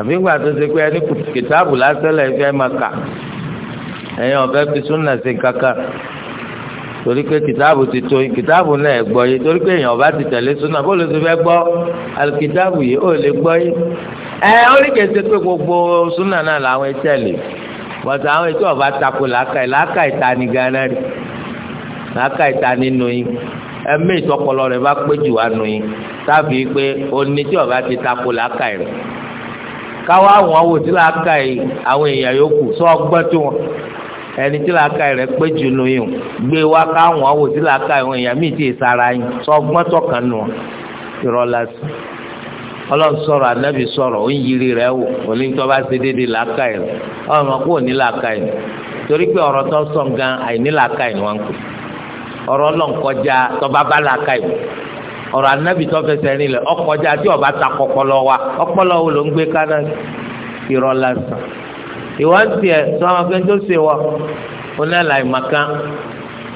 Speaker 1: àbí gbà tó ṣe pé ẹni kìtàbù lásẹ̀lẹ̀ fẹ́ máa kà ẹ̀yin ọ̀fẹ́ fi súnà sí kankan torí pé kìtàbù ti tó kìtàbù náà gbọ́ yìí torí pé èèyàn ọba ti tẹ̀lé súnà bó ló ti fẹ́ gbọ́ alùkìtàbù yìí ó lè gbọ́ yìí ẹ ó ní kèsì pé gbogbo súnà náà làwọn ẹtẹ̀lé bọ̀tà àwọn ètò ọba tako làákàyè làákàyè ta gánà rí làákàyè ta ni ẹmí ìtọkọlọ rẹ bá pé jù wá nù pé oní ọba ti tako làákàyè rẹ káwá àwọn awò tí la ka yìí àwọn èèyàn yòókù sọ ọgbọ́n tó wọn ẹni tí la ka yìí rẹ pé jù nù yìí gbé wá káwọn awò tí la ka yìí àwọn èèyàn míì ti sara yìí sọ ọgbọ́n tó kàn nù irọ́ lásì ọlọ́run sọ̀rọ̀ anábì sọ̀rọ̀ ó ń yiri rẹ wò òní tó bá ṣe déédéé làákà yìí ọmọ kó òní làákà yìí torí pé ọ̀rọ̀ tó sọ̀ gan àìní làákà yìí wọn kù ọ̀rọ̀ ọlọ́nkọjá tó bá bá làákà yìí ọ̀rọ̀ anábì tó fẹsẹ̀ rìn lẹ̀ ọkọjá tí ọba ta kọkọlọ wa ọpọlọ wo ló ń gbé kánà irọ́ lásán ìwọ ń tiẹ̀ sọ wọn pé tó ṣe wọ onílà ìmọ̀kan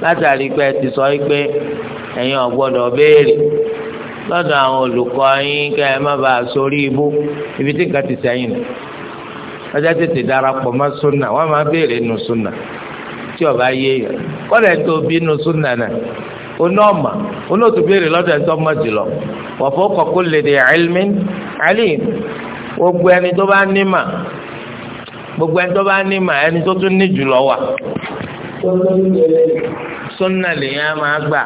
Speaker 1: látàrí pé ẹ ti sọ pé ẹ̀yin ọ̀gbọ́dọ̀ béèrè lọ́dọ̀ àwọn olùkọ́ yín kẹ́ ẹ má bàa sórí ibú ibi tí nǹkan ti sẹ́yìn nù tètè darapọ̀ mọ́ súnà wọ́n máa béèrè nù súnà tí ọba yé yẹn kọ́lẹ̀ onọọma onótù béèrè lọ́dọ̀ ẹni tó mọ̀ jùlọ wa fawqa kulli dhi ilmin gbogbo ẹni tó bá ní mà gbogbo ẹni tó bá ní mà ẹni tó tún ní jùlọ wà sunna lèyàn máa gbà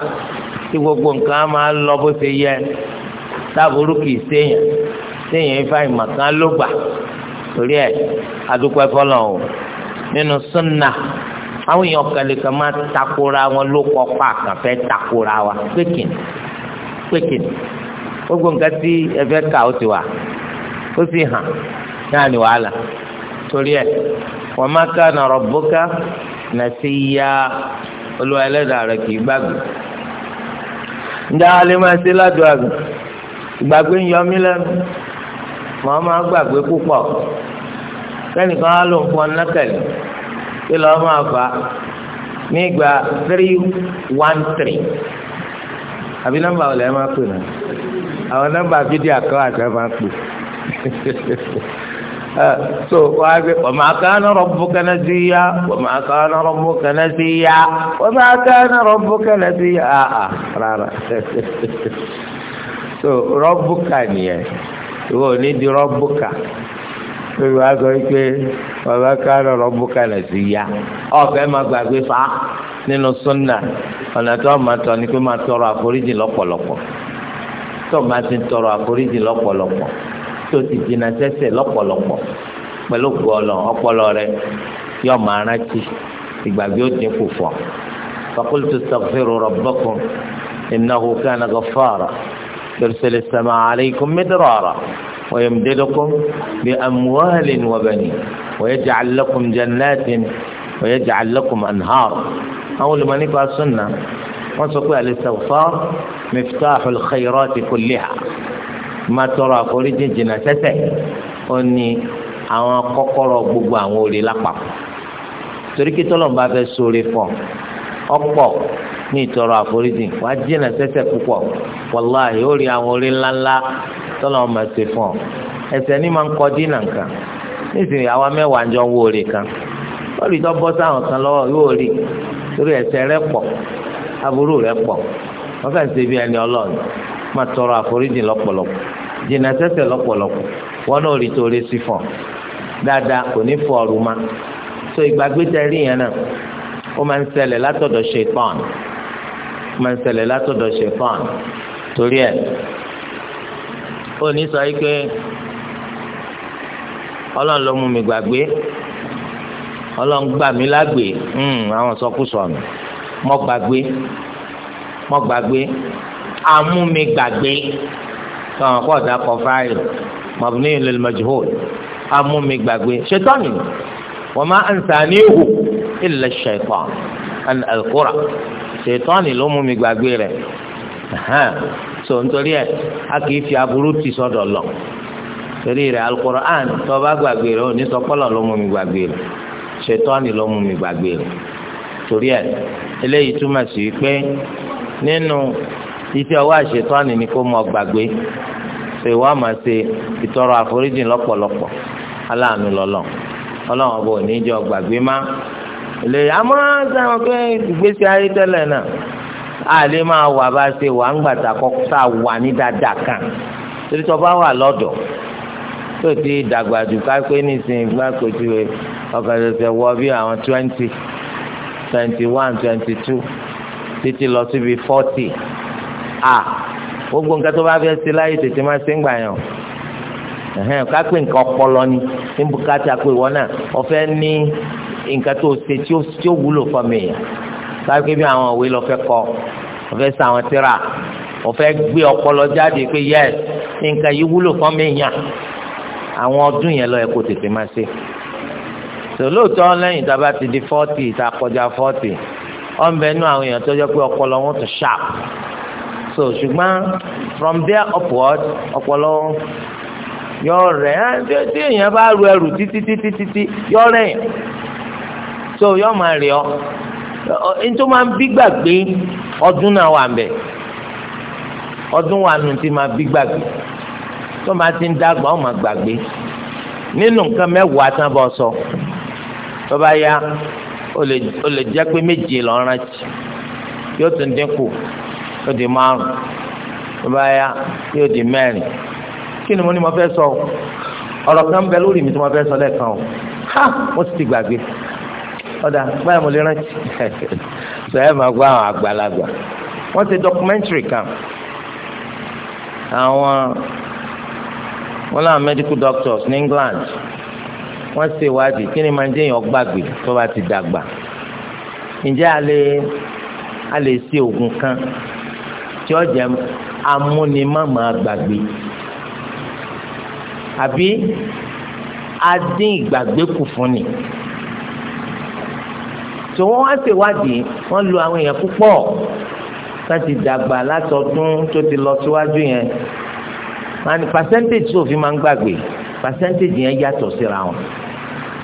Speaker 1: tí gbogbo nǹkan máa lọ bó ṣe yẹ táàbùrú ifá ìmọ̀kan ló gbà torí àwọn èèyàn kẹlẹ máa takora wọn ló kọ pa kàn fẹ́ takora wa pékin pékin gbogbo nǹkan tí ẹ fẹ́ kà ó ti wà ó sì hàn náà ní wàhálà torí ẹ wa ma kana rabbuka nasiya olúwa ẹlẹ́dàá rẹ kì í gbàgbé ǹjẹ́ a lè máa ṣe ládùú àgbà ìgbàgbé ń kí lọ́ọ́ máa fà á nígbà three one three àbí nọ́mbà ọ̀lẹ́ máa pè náà àwọn nọ́mbà fídíò àkọ́ àti máa pè eh, so wàá gbé wàmà kánà rọ̀bù kánà sí yá wàmà kánà rọ̀bù kánà sí yá wàmà kánà rọ̀bù kánà sí yá àà rárá so rọ̀bù kà nìyẹn ìwọ ò ní di rọ̀bù kà lórí wa sọ pé bàbá kárọ̀ rọ́bù kalẹ̀ sí ya ọ̀fẹ́ máa gbàgbé fa nínú súnà ọ̀nà tó máa tọ̀ ni pé máa tọrọ àforíjì lọ́pọ̀lọpọ̀ tó máa ti tọrọ àforíjì lọ́pọ̀lọpọ̀ tó ti jìnnà sẹ́sẹ̀ lọ́pọ̀lọpọ̀ pẹ̀lú gbọ́lọ̀ ọpọlọ rẹ yọ máa rántí ìgbàgbé ó dín kù fọ. فقلت استغفروا ربكم إنه كان غفارا يرسل السماء عليكم مدرارا ويمددكم بأموال وبنين ويجعل لكم جنات ويجعل لكم أنهار أول ما نقع السنة وسقوا الاستغفار مفتاح الخيرات كلها ما ترى فريد جنازته أني àwọn kọ́kọ́rọ́ gbogbo àwọn olè lápapọ̀ torí kí tọlọmọba fẹ́ Ọpọ ní ìtọrọ àforíjì wàá jìnnà sẹ́ṣẹ̀ púpọ̀ wàláhì ó rí àwọn orí ńláńlá tọ́lọ̀ ọmọ ẹ̀sẹ̀ fún ọ ẹ̀ṣẹ̀ ní máa ń kọ dínà nǹkan nísìnyí àwa mẹ́wàá ń jọ wó orí kan ó rí tọ́ bọ́ sáwọn kan lọ́wọ́ yóò rí torí ẹ̀ṣẹ̀ rẹ̀ pọ̀ aburú rẹ̀ pọ̀ wọ́n fẹ́ẹ́ ṣe bí ẹni ọlọ́run máa tọrọ àforíjì lọ́pọ̀lọpọ̀ jìnnà sẹ́ṣẹ̀ lọ́pọ̀lọpọ̀ wọn rí torí sí fún ma so náà ó máa ń ṣẹlẹ̀ látọ̀dọ̀ ṣetán ó máa ń ṣẹlẹ̀ látọ̀dọ̀ ṣetán torí ẹ̀ ó ní sọ yìí pé ọlọ́run ló mú mi gbàgbé ọlọ́run gbà mí lágbè hmm, àwọn sọkúsọ nù mo gbàgbé mo gbàgbé àmú mi gbàgbé tọ́wọ́n kọ́ ọ̀dà kọ fáìlì mabni lil majhul àmú mi gbàgbé ṣetán ni wọ́n máa ń sàn ní ìhù illa shaitan an alukóra ṣètọ́ni ló mú mi gbàgbé rẹ̀ so nítorí ẹ̀ a kì í fi aburú ti sọ́dọ̀ lọ torí rẹ̀ alukur'an tó bá gbàgbé rẹ̀ òní sọpọ́lọ̀ ló mú mi gbàgbé rẹ̀ ṣètọ́ni ló mú mi gbàgbé rẹ̀ torí ẹ̀ eléyìí túmọ̀ sí pé nínú iṣẹ́ ọwọ́ àṣetọ́ni ni kó mọ gbàgbé ṣe wàá máa ṣe ìtọrọ àforíjì lọ́pọ̀lọpọ̀ aláàánú lọ́lọ́ ọlọ́run ọba òní jọ gbàgbé má ilé àmọ́ sáwọn pé ìgbésí ayé tẹ́lẹ̀ náà àlè máa wà bá ṣe wà ń gbàtà kọ́ tá a wà ní dáadáa kan torí tó bá wà lọ́dọ̀ tó ti dàgbà jù ká pé nísìnyí gbá kojú rẹ ọkàn ṣẹ̀ṣẹ̀ wọ bí àwọn twenty twenty one twenty two títí lọ síbi forty a gbogbo nǹkan tó bá fẹ́ ṣe láyé tètè máa ṣe ń gbà yàn kápẹ́ nǹkan ọpọlọ ni ní bùkátà pé ìwọ náà ọ̀fẹ́ ní nǹkan tó ṣe tí ó wúlò fún mi yẹn kápẹ́ bí àwọn òwe lọ́fẹ́ kọ ọ̀fẹ́ sa àwọn tíra ọ̀fẹ́ gbé ọpọlọ jáde pé yẹ nǹkan yìí wúlò fún mi yẹn àwọn ọdún yẹn lọ ẹ kó tètè máa ṣe tòlóòtọ́ lẹ́yìn tá a bá ti di fọ́tì tá a kọjá fọ́tì ọ̀nbẹ nú àwọn èèyàn tó jẹ́ pé ọpọlọ wọn tún sharp so ṣùgbọ́n from there upward ọpọlọ yọ rẹ̀ ẹ́ tí èèyàn bá ru ẹrù títí títí títí yọ rẹ̀ yẹn so yọ máa rẹ̀ ọ́ nítorí máa ń bí gbàgbé ọdún náà wà ń bẹ̀ ọdún wà nù tí máa bí gbàgbé tó máa ti ń dàgbà ọ̀ máa gbàgbé nínú nǹkan mẹ́wàá tán bọ́ sọ tó bá yá ó lè jẹ́ pé méje lọ́ọ́ rántí yóò tún dínkù ó di márùn tó bá yá yóò di mẹ́rin kí ni mo ní mo fẹ́ sọ ọ̀rọ̀ kan bẹ lórí mi tí mo fẹ́ sọ lẹ́ẹ̀kan o ha mo sì ti gbàgbé ọ̀dà báyà mo lè rántí sọ̀rọ̀ máa gbọ́ àwọn àgbàlagbà wọ́n ti documentary kan àwọn wọ́n láwọn medical doctors ní England wọ́n ṣe ìwádìí kí ni máa ń jẹ́yàn gbàgbé tó bá ti dàgbà ǹjẹ́ a lè ṣe oògùn kan tí ó jẹ́ amúnimáàmá gbàgbé àbí a dín ìgbàgbé kù fún ni tí wọ́n wá ṣèwádìí wọ́n lu àwọn èèyàn púpọ̀ láti dàgbà látọdún tó ti lọ síwájú yẹn wọ́n ní percentage tó fi máa ń gbàgbé percentage yẹn yàtọ̀ síra wọn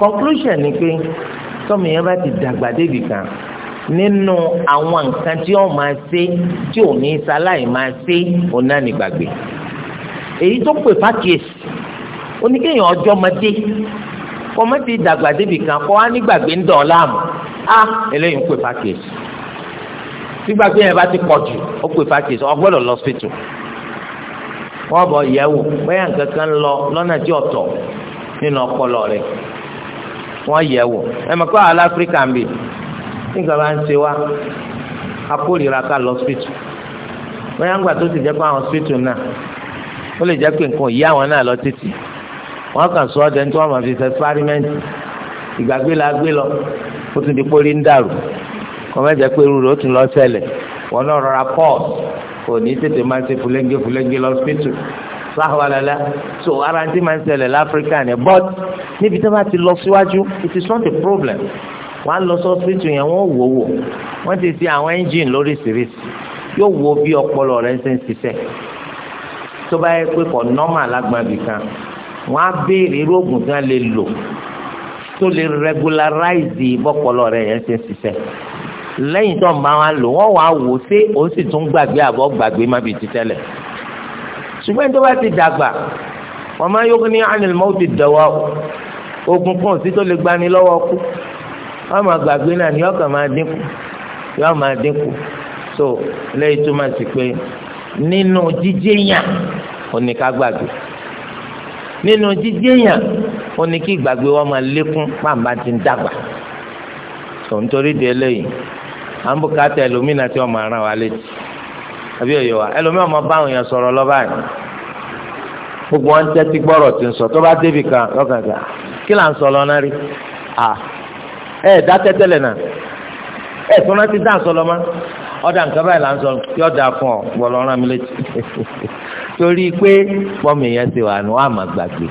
Speaker 1: conclusion ni pé tọ́mọ yẹn bá ti dàgbà débì kan nínú àwọn nǹkan tí ó máa ṣe tí ò ní sáláì máa ṣe ò náà ní gbàgbé èyí tó pè fákìs oníkéèyàn ọjọ́ ọmọdé kọ́mọ́tì dàgbà débì kan kọ́ wá nígbàgbé ń dàn láàmú á eléyìí ń pè fákèsì sígbàgbé yẹn bá ti pọ̀ jù ó pè fákèsì ọgbọ́dọ̀ lọ sí tù wọ́n bọ̀ yẹ̀wò bóyá nǹkan kan ń lọ lọ́nà tí ọ̀tọ̀ nínú ọpọlọ rẹ̀ wọ́n yẹ̀wò ẹ mọ̀ pé àlọ́ áfíríkà ń bì nígbà bá ń ṣe wá akórira ká lọ sípìtù bóyá ńgbà tó ti jẹ́ pé àwọn sípìtù náà ó lè jẹ́ pé nǹkan ò yí àwọn náà lọ títì wọn kàn sọ ọdẹ tí wọn máa fi ṣe experiment ìgbàgbé la gbé lọ ó ti di pórí ń dàrú kọ́mẹ́jẹ pé irú rẹ̀ ó ti lọ ṣẹlẹ̀ wọn náà rọra pọ́ọ̀s kò ní tètè máa ṣe fúlẹ́ńgé fúlẹ́ńgé lọ́sítù sáhùwalálá so ara ti máa ń ṣẹlẹ̀ láfíríkà ni but níbi tí wọ́n ti lọ síwájú it is not a problem wọ́n á lọ sọ́sítù yẹn wọ́n wò wò wọ́n ti ṣe àwọn ẹ́ńjìn lóríṣiríṣi yóò wo bí ọpọlọ rẹ̀ ṣe ń ṣiṣẹ́ tó bá yẹ pé kò nọ́mà lágbàbí kan wọ́n á béèrè irú oògùn tí wọ́n lè lò tó lè regularize bọ́pọlọ rẹ̀ yẹn ṣe ṣiṣẹ́ lẹ́yìn tó ń bá wọn lò wọ́n wàá wò ṣé ó sì tún gbàgbé àbọ̀ gbàgbé má bìí ti tẹ́lẹ̀ ṣùgbọ́n tó bá ti dàgbà wọ́n máa yókù ní anil mọ́ ti dọ̀wọ́ ogun kan sí tó lè gbani lọ́wọ́ kú wọ́n máa gbàgbé náà ni ọkàn máa dínkù yọ́ máa dínkù so lẹ́yìn tó máa ti pé nínú jíjẹ́ yàn oníkágbàgbé. No, nínú jíjẹ́ yàn ó ní kí ìgbàgbé wọn máa lékún pàǹbá ti dàgbà tó ń torí di eléyìí à ń bùkátà ẹlòmínà tí wọn máa ràn wá létí àbí òye wa ẹlòmínà máa bá àwọn èèyàn sọ̀rọ̀ lọ́ba yìí gbogbo wọn tẹ́tí ń sọ tó bá débi kan lọ́kàn kan kí là ń sọ lọ́nà rí à ẹ̀ dá tẹ́tẹ́lẹ̀ náà ẹ̀ tó náà ọ̀dà nǹkan báyìí là ń sọ yọ̀ dà fún ọ gbọ́dọ̀ rán mi létí torí pé pọ́ọ̀mù yẹn ti wà nù àmà gbàgbé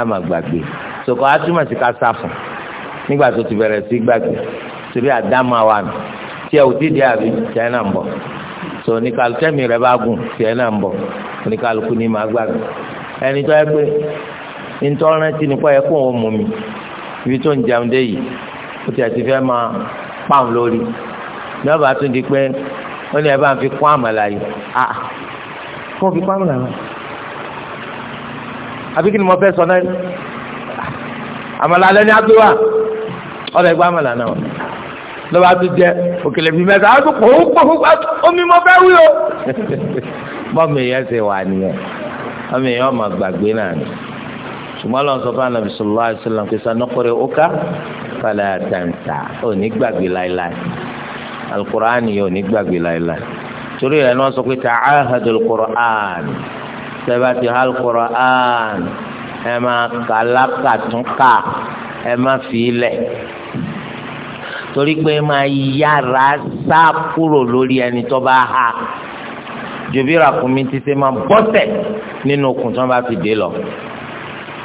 Speaker 1: àmà gbàgbé sọkọ atúmọ̀ sí ká sá fún nígbà tó ti bẹ̀rẹ̀ sí gbàgbé torí àdámà wà nù tí ẹ ò ti di àbí tiẹ̀ náà ń bọ̀ so oníkàlùkù tẹ́mi rẹ bá gùn tiẹ̀ náà ń bọ̀ oníkàlùkù ni màá gbàgbé ẹni tó yẹ pé ntọ́rántí nípa yẹ kó òun mú mi ibi tó ń jẹun dé yìí ó ti àti fẹ́ máa pàm lórí ní ọba tún di pé ó ní ẹ bá ń fi kún àmàlà yìí à fún òfin kún àmàlà yìí àbí kí ni mo fẹ́ sọ náà àmàlà lẹ́ni àdúrà ọ̀rọ̀ ẹgbẹ́ àmàlà náà lọ́ba tún jẹ òkèlè bíi mẹ́ta á tún kóhó kóhó omi mo fẹ́ wí o bọ́ọ̀mù èèyàn ṣe wà nìyẹn ọmọ èèyàn ọmọ gbàgbé náà ni ṣùgbọ́n lọ́n sọ fún anabi sallallahu alaihi wasallam kí sanukuri ọkà fàlẹ́ àtàntà ò ní gbàgbé القرآن يوني ní gbàgbé láéláé torí rẹ̀ náà sọ القرآن. ta'ahadu alukur'an sẹ́bàtì alukur'an ẹ máa kàlákàtúnkà ẹ máa fi ilẹ̀ torí pé máa yára sá kúrò lórí ẹni tó bá ha jòbí ràkúnmí títí máa bọ́sẹ̀ nínú okùn tí wọ́n bá fi dé lọ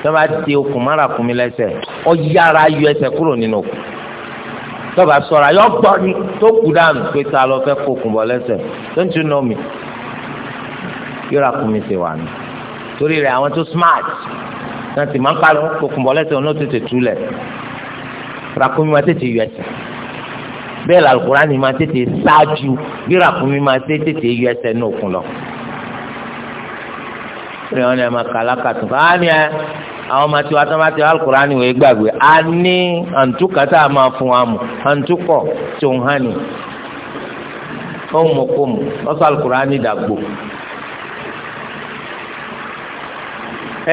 Speaker 1: tí bá ti okùn má ràkúnmí lẹ́sẹ̀ ọ yára yọ ẹsẹ̀ kúrò nínú okùn tọ́ba sọ̀rọ̀ ayọ́ gbọ́ ni tó kú dànù pé ta lọ fẹ́ fokùn bọ̀ lẹ́sẹ̀ don't you know me yóra kún mi ṣe wà ní torí rẹ̀ àwọn tó smart náà ti máa ń pariwo fokùn bọ̀ lẹ́sẹ̀ ọ̀nà tètè túlẹ̀ rakumi máa tètè yọ ẹsẹ̀ bẹ́ẹ̀ làlùkùránì máa tètè ṣáájú bí rakumi máa tètè yọ ẹsẹ̀ ní òkun lọ. ìrìn àwọn ẹ̀ máa kà lákàtúntà á ní ẹ àwọn ọmọ tiwa tó máa ti alukurani wòye gbàgbé a ní àǹtúkà tá a máa fún wa mu àǹtúkọ tó ń hàn ní ó mú kó mu ó sọ alukurani dàgbò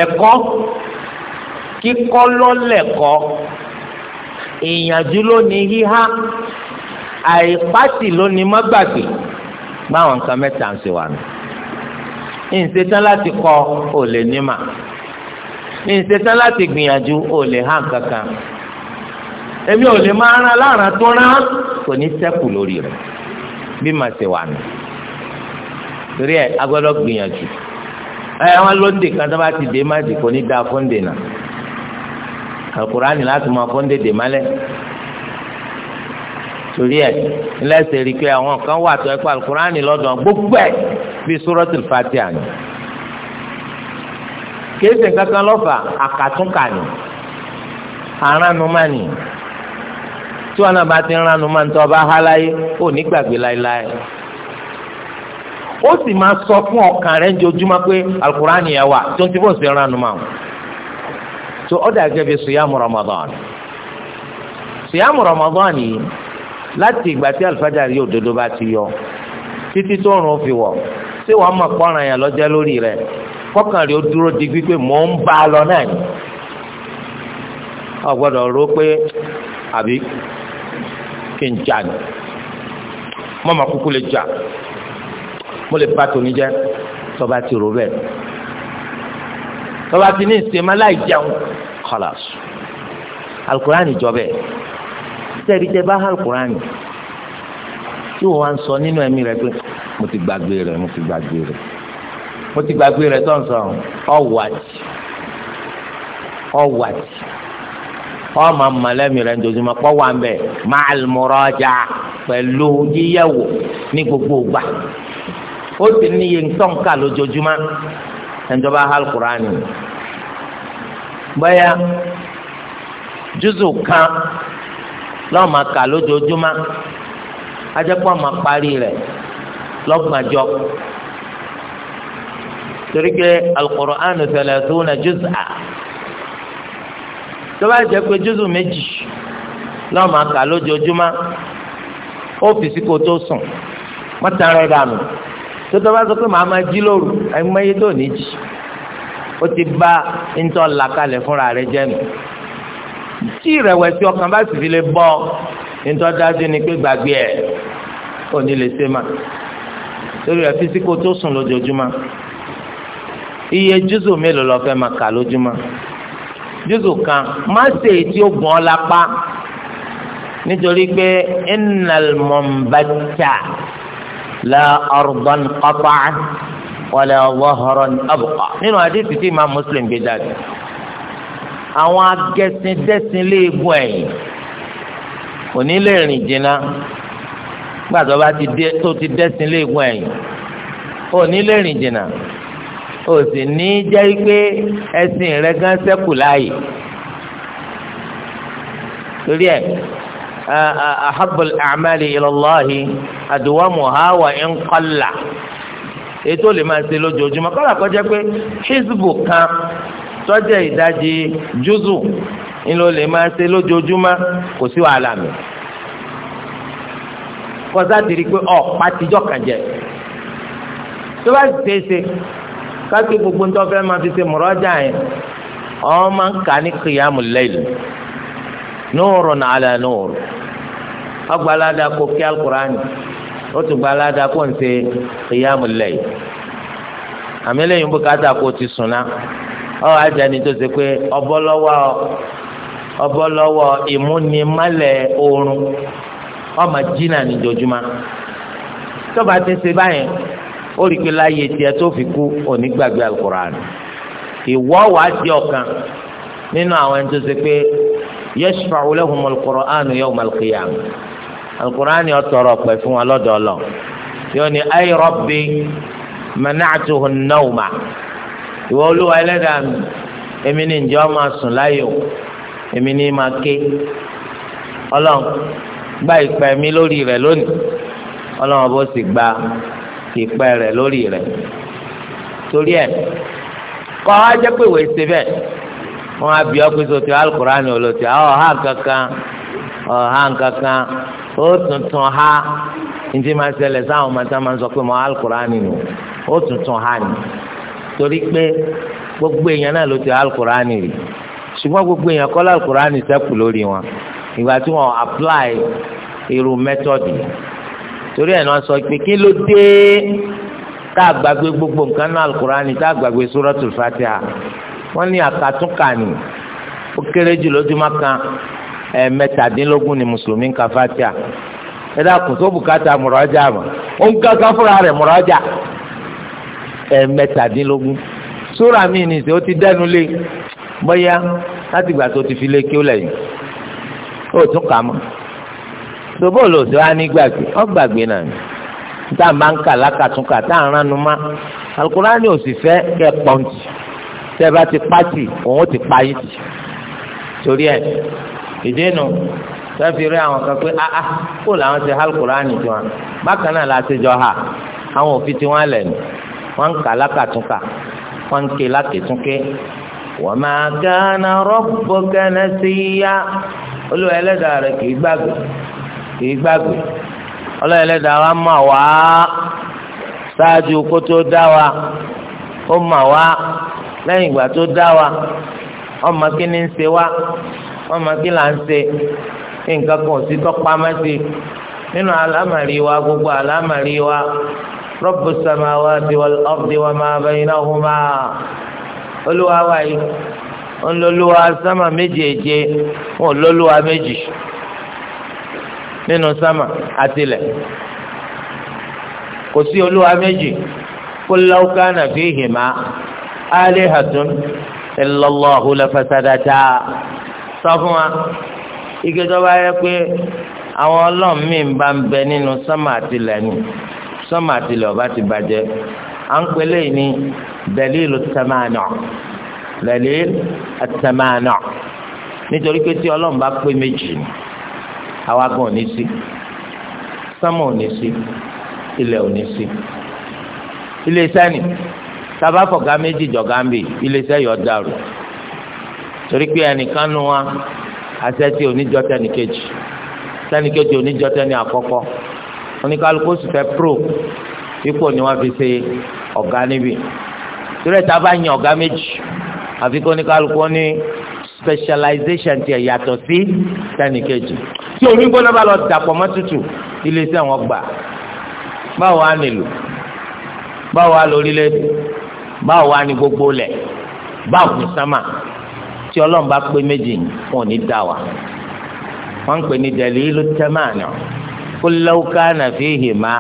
Speaker 1: ẹ̀kọ́ kíkọ́ lọ́lẹ̀kọ́ ìyànjú ló híhá àìpátì ló mọ́gbàgbé báwọn nǹkan mẹ́ta ń ṣe wà nù ìṣetán láti kọ́ ò lè ní mà ní ìṣetán láti gbìyànjú ò lè hàn kankan èmi ò lè máa rán aláàrán tó rán kò ní sẹ́kù lórí rẹ̀ bí màá ṣe wà nù torí ẹ agbọ́dọ̀ gbìyànjú ẹ wọn lóńdè kan tó bá ti dé má dìkò ní da fóńdè náà àkùránì láti mọ fóńdè dè málẹ̀ torí ẹ ńlẹ́sẹ̀ rí i pé àwọn kan wà tó ẹ pa àkùránì lọ́dọ̀ gbogbo ẹ bí Suratul Fatiha ni kéésì kankan lọ́fà àkàtúnkàní aránumánì tí wọn náà bá ti ń ránumánì tó ọba há láyé ó ní gbàgbé láéláé ó sì máa sọ fún ọkàn rẹ njojúmọ́ pé alukurani yẹn wà tó ń ti bó ṣe ránumánì tó ọ̀dà gẹ́gẹ́ bí sùyàmù Ramadan sùyàmù Ramadan yìí láti ìgbà tí alifájàrí òdodo bá ti yọ títí tó rùn ó fi wọ̀ tí wọ́n mọ̀ pọ́nrán yẹn lọ́jẹ́ lórí rẹ̀ fọkàn rẹ ó dúró di wípé mò ń bá a lọ náà ni ọ gbọ́dọ̀ rò pé àbí kí n jà ní mo máa kúkú lè jà mo lè bá tòun jẹ tọba ti rò bẹ́ẹ̀ tọba ti ní ìsèmá láì jẹun kọlàs alukurani jọ bẹ́ẹ̀ sẹẹri tẹ bá alukurani tí wọn wá ń sọ nínú ẹ̀mí rẹ pé mo ti gbàgbé rẹ mo ti gbàgbé rẹ mo ti gbàgbé rẹ̀ tó ń sọ ọ̀wàtì ọ̀wàtì ọmọ mọ̀lẹ́mì rẹ̀ ndòdìmọ̀ pọ̀ wà ń bẹ̀ máa mọ̀rọ̀jà pẹ̀lú yíyẹ̀wò ní gbogbo ìgbà ó sì níye nǹkan kà lójoojúmọ́ ẹ̀ńdọ́bà alukurani bẹ́ẹ̀ júzù kan lọ́ọ̀mà kà lójoojúmọ́ ajẹ́pọ̀ ọmọ parí rẹ̀ lọ́gbàjọ́ torí pé al-Qur'an thalathuna juz'a tó bá jẹ́ pé juz'u méjì lọ́ọ́ máa kà lójoojúmọ́ ọ́fíìsì kò tó sùn mọ́tàrá ẹ̀ dànù tó tó bá sọ pé màá máa jí lóru ẹ̀ mọ́ iye tó ní jì ó ti bá ntọ́ làkàlẹ̀ fúnra rẹ̀ jẹ́ nù tí ìrẹ̀wẹ̀sì ọkàn bá sì fi lè bọ́ ntọ́ dájú ni pé gbàgbé ẹ̀ ò ní lè ṣe mà torí rẹ̀ físíkò tó sùn lójoojúmọ́ iye jùzù mélòó lọ fẹ́ máa kà lójúmọ́ jùzù kan má ṣe èyí tí ó gbọ́n ọ lápá nítorí pé innal munbatta la ardan qata'a wala dhahran abqa nínú àdìsí tí Imam Muslim gbé jáde àwọn agẹsindẹsin léegun ẹ̀yìn onílé rìn jìnnà gbàtọ́ bá ti dé tó ti dẹ́sin léegun ẹ̀yìn rìn jìnnà o sì ní jẹ́ pé ẹ̀sìn rẹ gan sẹ́kù láàyè torí ẹ̀ ahabul amali ilallahi aduwamuha wa in qalla ètò lè máa ṣe lójoojúmọ́ kọ́lá kọjá pé hizbu kan tọ́jà ìdajì júzù ńlọ lè máa ṣe lójoojúmọ́ kò sí wàhálà mi kọjá ti pé ọ̀ pàtijọ́ kan jẹ tó bá ti ṣe é ṣe kápé gbogbo ń tọ́fẹ́ máa fi ṣe mọ̀rọ́jà yẹn ọ̀hún máa ń kà ní kìyàmù lẹ́yìn nóòrò nàlẹ́ nóòrò ọgbàládà kò kí alukurani ó tún gbàládà kò ti sùn náà ọ àjẹni tó oorun ti ó rí i pé láyé tiẹ̀ tó fi kú òní gbàgbé alukur'an ìwọ wà á di ọ̀kan nínú àwọn ẹni tó ṣe pé yashfa'u lahum alukur'an yawm al-qiyamah alukur'an yóò tọrọ pẹ̀ fún wa lọ́dọ̀ Ọlọ́run yóò ní ay rabbi mana'tuhu an-nawma ìwọ olúwa ẹlẹ́dàá mi èmi ní ǹjẹ́ ọ máa sùn láyò èmi ní máa ké ọlọ́run gba ìpè mi lórí rẹ̀ lónìí ọlọ́run bó sì gba àti ìpẹ́ rẹ̀ lórí rẹ̀ torí ẹ̀ kọ́ ọ jẹ́ pé ìwé ṣe bẹ́ẹ̀ wọ́n á bí ọkùnrin sọ̀tì alukurani olóòtì ọ̀hán kankan ọ̀hán kankan ó tuntun ha ntí máa ṣẹlẹ̀ sáwọn ọmọ máa ń sọ pé mọ́ alukurani nù ó tuntun ha ni torí pé gbogbo èèyàn náà ló ti alukurani rí ṣùgbọ́n gbogbo èèyàn kọ́ alukurani sẹ́kù lórí wọn ìgbà tí wọ́n apply irú mẹ́tọ́dì yẹn. torí ẹ̀ náà sọ pé kí ló dé tá gbogbo nǹkan náà alukurani tá a gbàgbé suratul fatiha wọ́n ní àkàtúnkà ni ó kéré jù kan ni mùsùlùmí ka fatiha ẹ dákun tó bùkátà mọ̀ ó ń gángan fúnra rẹ̀ mi ni ó ti lé láti gbà tó ti fi lé kí ó ó tún kà sobo lò sí wa ọ gbàgbé náà ni tá máa ń kà lákàtúnkà tá má alukurani ò sì bá ti pàtì òun ti pa yìí ìdínú rí àwọn kan pé ah, ah, kó la jọ ha àwọn òfin wọn ní wọn ń kà lákàtúnkà wọn ń ké máa gánà yá kì í gbàgbé ọlọ́yẹ̀lẹ́dàá wa mọ̀ wá ṣáájú kó tó dá wa ó mọ̀ wá lẹ́yìn ìgbà tó dá wa ọmọ kí ni ń ṣe wá ọmọ kí là ń ṣe nǹkan kan ò sí tọ́pá mẹ́sì nínú àlámàrí wa gbogbo àlámàrí wa rọ́bù samawati wal ardi wa ma bainahuma olúwa wáyé ńlọlúwa sámà méjèèje wọn ò lọlúwa méjì. nínú sámà àtìlẹ̀ kò sí olúwa méjì qul law kana fihima alihatun illallahu lafasadata sọ fún wa ike tó bá yẹ pé àwọn ọlọ́run mi ń bá ń bẹ nínú sámà àtìlẹ̀ ni sámà àtìlẹ̀ ọba ti bàjẹ́ à ń pè léyìn ní dalilu tamanu dalil atamanu nítorí pé tí ọlọ́run bá pé méjì ni. àwa gan ò ní sí sánmà ò ní sí ilẹ̀ ò ní sí ilé iṣẹ́ ni sábà fọ̀gá méjì jọ̀gá ń bì ilé iṣẹ́ yọ dàrú torí pé ẹnìkan nu wa àṣẹ oníjọ tẹnìkejì tẹnìkejì oníjọ tẹnì àkọ́kọ́ oníkálukú sì fẹ́ pro ipò ni wọ́n fi ṣe ọ̀gá níbì torí ẹ̀ tá bá yan ọ̀gá méjì àfi kó oníkálukú ní specialization tiẹ̀ yàtọ̀ sí tẹnìkejì tí omi gbọ́dọ̀ bá lọ dàpọ̀ mọ́ tútù iléeṣẹ́ wọn gbà báwo á nílò báwo á lórílẹ̀ báwo á ní gbogbo lẹ̀ báwo ní sámà tí ọlọ́run bá pé méjì wọn ò ní dá wa wọn ń pè ní dalilu tamani qul law kana fihima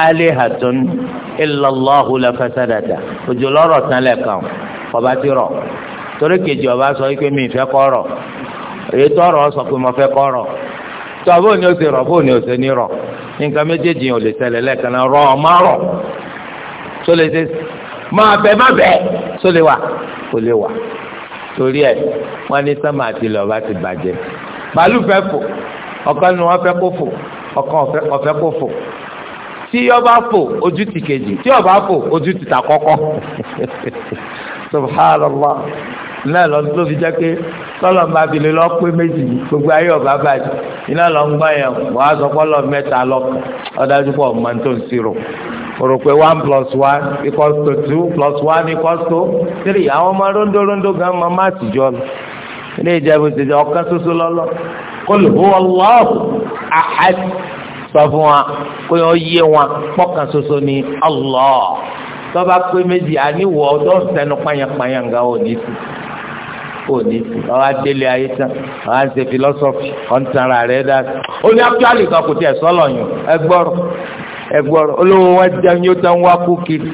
Speaker 1: alihatun illa Allahu la fasadata òjò lọ́rọ̀ tán lẹ́ẹ̀kan ọba ti rọ̀ torí kejì ọba sọ wípé mi ìfẹ́ kọ́rọ̀ èyí tọrọ sọ pé mo fẹ́ kọ́rọ̀ tó a bó ni o ṣe rọ bó ni o ṣe ní rọ nǹkan méjèèjì ò lè ṣẹlẹ̀ lẹ́ẹ̀kan náà rọ ọmọ rọ tó lè ṣe máa bẹ má bẹ tó lè wà kò lè wà torí ẹ wọn ní sọmọ àti ilẹ̀ ọba ti bàjẹ́ bàálù fẹ́ fò ọ̀kan ni wọ́n fẹ́ kó fò ọ̀kan ọ̀fẹ́ kó fò tí ọba fò ojú ti kejì tí ọba fò ojú ti ta kọ́kọ́ subhanallah iná lọ ló fi jẹ́ pé tọ́lọ̀ ń bá fi lè lọ pé méjì gbogbo ayé ọ̀bá bàjẹ́ iná lọ ń gbọ́ yẹn wàá sọ pọ́lọ̀ mẹ́ta lọ́kàn ọ̀dájú pọ̀ mọ́ tó ń sírò rò pé one plus one equals to two plus one equals to three àwọn ọmọ rondo rondo gan mọ má tìjọ lọ ilé ìjẹun ti jẹ ọ̀kan ṣoṣo lọ́lọ́ qul huwa Allahu ahad sọ fún wa kó yọ yé wọn pọ́kàn ṣoṣo ni Allah tọ́ba pé méjì àníwọ̀ ọdọ́ sẹ́nu pányápányá ga òní sí i òní ọwọ́ adélé ayé tán ọwọ́ àti philosophy ọ̀ntara rẹ̀ dá ó ní actually kan kò tiẹ̀ sọ́lọ̀ yàn ẹgbọ́rọ̀ ẹgbọ́rọ̀ olówó wọn jẹun yóò tán wá kú kiri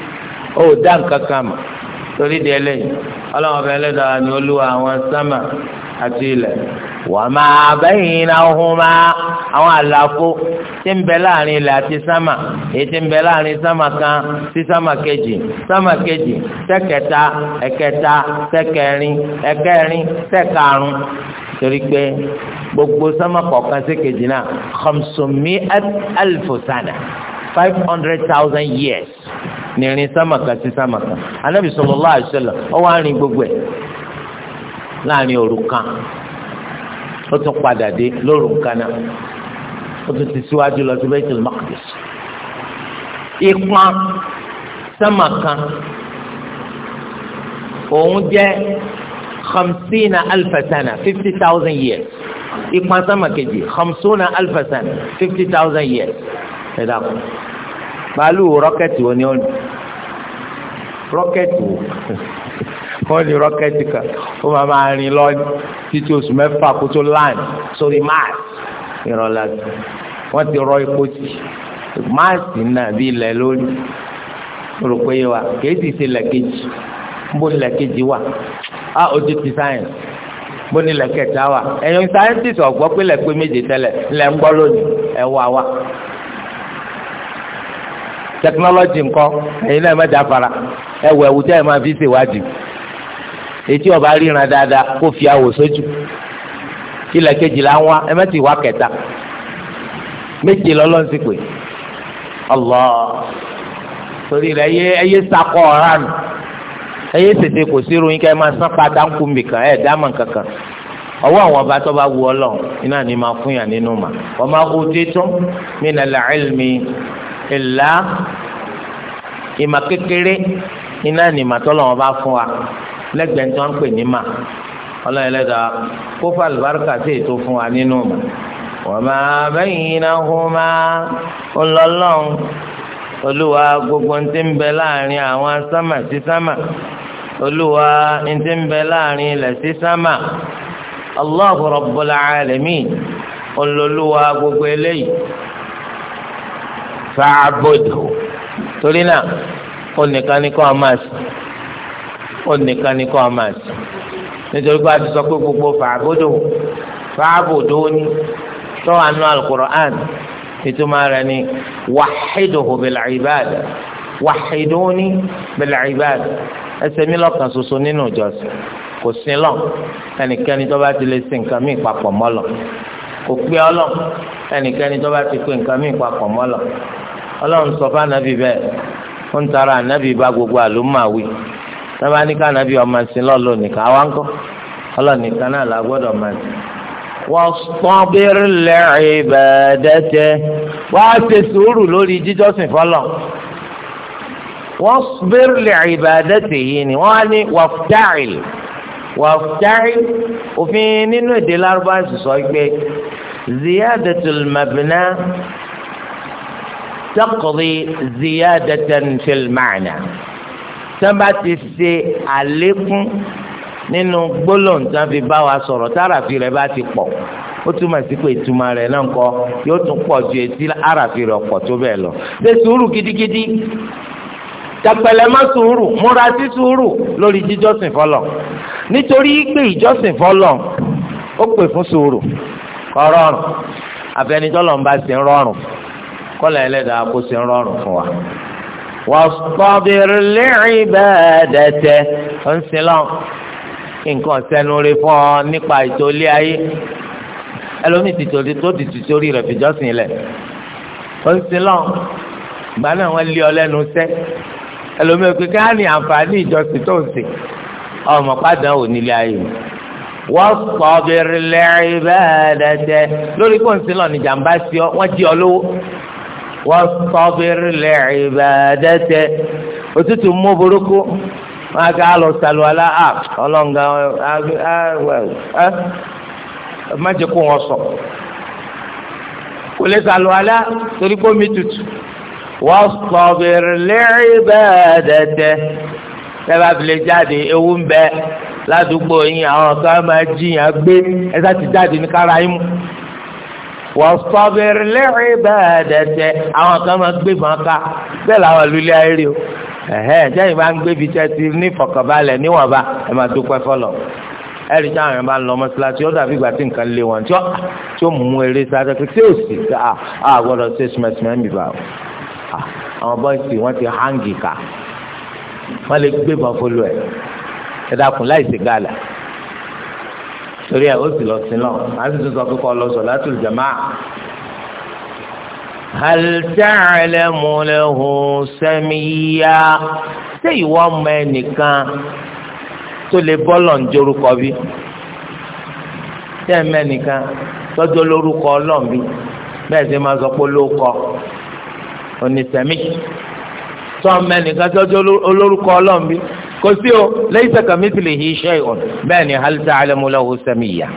Speaker 1: ó dá nǹkan kan mọ̀ torí di ẹlẹ́yìn ọlọ́run ọba ẹlẹ́dàá ni olúwa àwọn sámà àti ilẹ̀ wa ma baynahuma àwọn àlàfo tí ń bẹ láàrin ilẹ̀ àti sámà èyí tí ń bẹ láàrin sámà kan sí sámà kejì sámà kejì sẹ́kẹta ẹ̀kẹta sẹ́kẹrin ẹ̀kẹrin sẹ́karùn torí pé gbogbo sámà kọ̀ọ̀kan sí kejì náà khamsumi alifosana five hundred thousand years nìrìn sámà kan sí sámà kan anabi sallallahu alaihi wasallam ó wá gbogbo ẹ̀ láàrin òru kan ó tún padà dé lóru kaná ó tún ti síwájú lọ sí Baitul Maqdis ìpọn sánmà kan òun jẹ́ khamsina alfasana fifty thousand years ìpọn sánmà kejì khamsuna alfasana fifty thousand years ẹ dàpọ̀ bàálù rọ́kẹ̀tì wo ni ó ní rọ́kẹ̀tì wo. fọ́ọ̀nì rọ́kẹ́tì kan ó máa máa rìn lọ títí oṣù mẹ́fà kó tó land sórí mars ìrọ̀lá wọ́n ti rọ epo sí mars náà bí ilẹ̀ lórí rò pé wa kìí sì ṣe lẹ́kejì bó ni lẹ́kejì wà á ah, ojú ti sáyẹn bó ni lẹ́kẹta wà ẹ̀yin sáyẹ́ntìsì ọ̀gbọ́ pé lẹ́pẹ́ méje tẹ́lẹ̀ lẹ́ ń gbọ́ lónìí ẹ̀ wá wa tẹkinọ́lọ́jì nǹkan ẹ̀yin náà mẹ́ta fara ẹ̀wọ̀ ẹ̀wù tẹ́ ẹ̀ máa fi ṣèwádìí. etí ọba ríran dáadáa kó fi awò sójú kílẹ̀ kejìlá wá ẹ mẹ́tì wá kẹta méje lọ́lọ́run sì pè Allah torí rẹ̀ ẹyẹ ẹyẹ sakọ ọ̀ràn ẹyẹ sèse kò sí ròyìn ká ẹ máa sán padà ń kú mi kàn dáàmà kankan ọwọ́ àwọn ọba tó bá wù ọ́ iná ni máa fún yàn nínú mà wa ma utitum minal ilmi illa ìmà kékeré iná ni màtọ́lọ́wọ́n bá fún wa lẹ́gbẹ̀ẹ́ tó ń pè ní mà ọlọ́run ẹlẹ́dà kó fà lùbáríkà sí ètò fún wa nínú mà wọ́n máa bẹ́yìn náà hó máa ń lọ lọ́hùn olúwa gbogbo ń ti ń bẹ láàrin àwọn sámà sí sámà olúwa ń ti ń bẹ láàrin ilẹ̀ sí sámà allahu rabbul alamin olùlúwa gbogbo eléyìí fa'budhu torí náà ó nìkan ní kó a máa sùn ó nìkan ní kọ́ máa sìn nítorí pé a ti sọ pé gbogbo fàábòdò fàábòdò ni tọ́wọ́ àánú alukur'an ìtumọ̀ rẹ̀ ni wàhídòhò bẹ̀lẹ̀ ìbáàdà wàhídòhóní bẹ̀lẹ̀ ìbáàdà ẹsẹ̀ mi lọ́kàn ṣoṣo nínú ìjọsìn kò sin lọ ẹnikẹ́ni tó bá ti lè sin nǹkan míì papọ̀ mọ́ lọ kò pé ọlọ ẹnikẹ́ni tó bá ti pé nǹkan míì papọ̀ mọ́ lọ ọlọ́run sọ fún anabi bẹ́ẹ̀ ó ń tara anabi bá gbogbo àlùmáwí sábà ní ká nàbí ọmọ ẹ̀sìn lọ́ọ̀lọ́ nìkan àwa ń kọ́ ọlọ́ọ̀nìkan náà la gbọ́dọ̀ máa sìn. wastabir li'ibadati wá ṣe sùúrù lórí jíjọ́sìn fọlọ́ wasbir li'ibadati yìí ni wọ́n á ní waftail waftail òfin nínú èdè lárúbá sọ pé ziyadatul mabna taqdi ziyadatan fil ma'na tí wọ́n bá ti ṣe àlékún nínú gbólóhùn tí wọ́n fi bá wa sọ̀rọ̀ táràfi rẹ̀ bá ti pọ̀ ó túmọ̀ sí pé ìtumọ̀ rẹ̀ náà kọ́ yóò tún pọ̀ ju etí àràfi rẹ̀ pọ̀ tó bẹ́ẹ̀ lọ. ṣe sùúrù gidigidi tẹpẹlẹ má sùúrù múra sí sùúrù lórí jíjọ́sìn fọlọ̀ nítorí pé ìjọ́sìn fọlọ̀ ó pè fún sùúrù kọ́ rọrùn àfẹnitọ́lọ́ ń bá ń rọrùn kọ́lá ẹlẹ́dàá kó ṣe ń rọrùn fún wa wàsọ́bìrì lẹ́rìndàdẹ́tẹ́ ọ̀nsìnlọ́ nǹkan sẹ́nu rí fún ọ nípa ìtòlé ayé ẹlòmíì ti torí tó ti torí rẹ̀ fìjọ́ sìn lẹ̀ ọ̀nsìnlọ́ gba náà wọ́n lé ọ lẹ́nu sẹ́ ẹlòmíì pé ká ní àǹfààní ìjọsìn tó ń sìn ọmọ pàdán ò nílé ayé wàsọ́bìrì lẹ́rìndàdẹ́tẹ́ lórí kóńsìnlọ́ ni jàǹbá sí ọ wọ́n jí ọ lówó wastabir li'ibadati òtútù mú burúkú wọn ká lọ sàlùwàlà á ọlọ́ǹgà ẹ má jẹ́ kó wọn sọ kò lè sàlùwàlà torí kó mi tutù wastabir li'ibadati tẹ́lá filẹ̀ jáde ewu ń bẹ ládùúgbò yín àwọn kan máa jiyàn gbé ẹ sá ti jáde ní kára yín mu wọ́sọ̀bẹ̀rẹ̀ lẹ́rìn ìbáradẹ̀tẹ̀ àwọn kan máa gbé wọn ká bẹ́ẹ̀ làwọn lulẹ̀ ayé o ẹ̀hẹ́ sẹ́yìn bá ń gbébi tẹ́ ti ní fọkànbalẹ̀ níwọ̀nba ẹ̀ máa dúpẹ́ fọlọ̀ ẹ̀rí tí àwọn yẹn bá ń lọ mọ́ṣáláṣí ó dàbí ìgbà tí nǹkan lé wọn tí ó mú eré sáré pé tí ó sì ká a ah, ah, gbọ́dọ̀ ṣe sùmẹ̀sùmẹ̀ mi bá ah, àwọn bọ́ìsì wọ́n ti háǹgì ká wọ́n lè gbé bọ́ fọlọ́ ẹ̀ ẹ̀dá kùn láì sí gàlà torí ẹ ó sì lọ sí náà a sì tún sọ pé kọ́ lọ sọ láti ìjàmá. hal ta'lamu lahu samiyya ṣé ìwọ ọmọ ẹnìkan tó lè bọ́lọ̀ ń jorúkọ bí ṣé ẹ̀mẹ́ nìkan tọ́jú olórúkọ ọlọ́run bí bẹ́ẹ̀ ṣe máa sọ pé olóòkọ onísẹ̀mí tọ́ ọmọ ẹnìkan tọ́jú olórúkọ ọlọ́run bí. kò sí o laysa kamithlihi shay'un bẹ́ẹ̀ ni hal ta'lamu lahu samiyya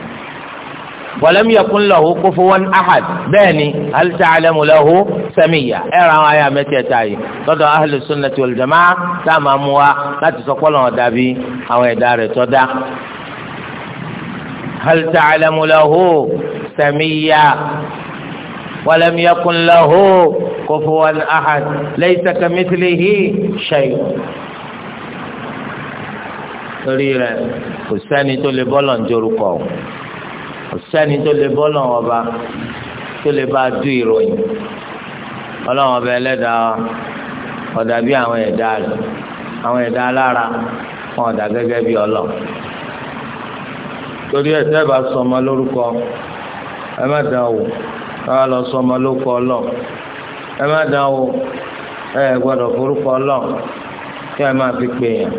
Speaker 1: walam yakun lahu kufuwan ahad bẹ́ẹ̀ ni hal ta'lamu lahu samiyya ẹ ra àwọn àyà mẹ́tẹ̀ẹ̀ta yìí lọ́dọ̀ ahlu sunnati wal jama'a tá a máa mú wa láti sọ pé Ọlọ́run dàbí àwọn ẹ̀dá rẹ̀ tó dá hal ta'lamu lahu samiyya. ولم يكن له كفوا أحد ليس كمثله شيء torí rẹ̀ kò sẹ́ni tó lè bọ́lọ̀ ń jorúkọ kò sẹ́ni tó lè bọ́lọ̀ ọba tó lè bá du ìròyìn ọlọ́run ọba ẹlẹ́dàá ọ̀dà bí àwọn ẹ̀dá rẹ̀ àwọn ẹ̀dá alára wọn ọ̀dà gẹ́gẹ́ bí ọlọ́ torí ẹ̀ tẹ́ sọmọ lórúkọ ẹ má dán wò ẹ má lọ sọmọ lórúkọ ọlọ́ ẹ má dán wò ẹ gbọ́dọ̀ forúkọ ọlọ́ kí ẹ má fi pè yàn.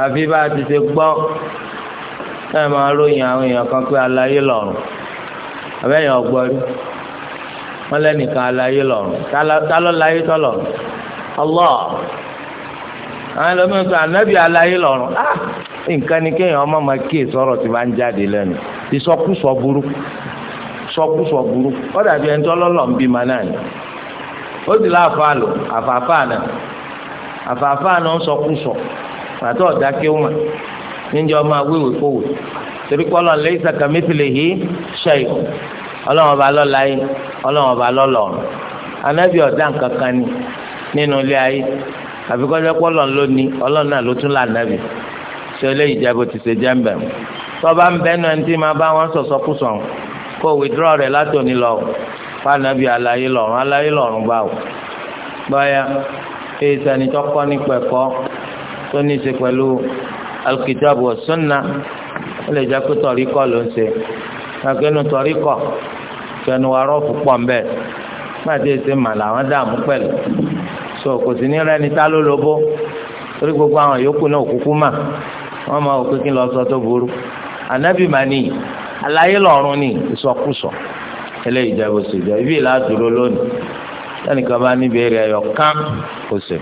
Speaker 1: àfi bá a ti ṣe gbọ́ ẹ máa ròyìn àwọn èèyàn kan pé aláyé lọ́rùn àbẹ́yẹn ọgbọ́n rí wọ́n lẹ́nìkan aláyé lọ́rùn tálọ́ láyé tọ́lọ̀ Allah àwọn ẹlòmíràn sọ ànábì aláyé lọ́rùn ah! nǹkan ni kéèyàn ọmọ máa kíyè sọ̀rọ̀ tí máa ń jáde lẹ́nu ìsọkúsọ sọkúsọ ẹni ń náà ni ó sì láàfáà lò àfààfáà àti ọ̀dà kéwùmà níjẹ́ ọmọ awéwè kówè torí pé ọlọ́run lẹ́yìn sàkà mẹ́tìlẹ́hì ṣẹ́yìn ọlọ́run ọba lọ́la yìí ọlọ́run ọba lọ́lọ́run anábì ọ̀dà kankan ni nínú ilé ayé àfi kọ́jọ́ pé ọlọ́run ló ní ọlọ́run náà ló tún là nábì ṣe eléyìí jẹ́ bó ti ṣe jẹ́ ń bẹ̀ tọ́ba ń bẹ́nu ẹni tí máa bá wọn sọ̀sọ́ kù sàn kó wìdúrọ̀ rẹ̀ látòní lọ fànàbì alayé lọ́run alayé lọ́run báwo báyà èyí sani kọ́ nípa ẹ̀kọ́ tó ní í ṣe pẹ̀lú alukitaabu wa sunna ó lè jẹ́ pé tọ̀ríkọ̀ ló ń ṣe kàkínú tọ̀ríkọ̀ fẹnu arọ́ púpọ̀ ń bẹ̀ pàtí èsì mà làwọn dààmú pẹ̀lú so kò sí ní rẹni tá ló lobó torí gbogbo àwọn yòókù náà òkúkú mà wọ́n máa wò pé kí n lọ sọ tó burú ànábì mà ní aláyé lọ́rùn ní ìsọkúsọ eléyìí jẹ́ bó ṣe ibi ìlà dúró lónìí lẹ́nìkan bá níbi èrè ẹ̀yọ̀ kán kò sí.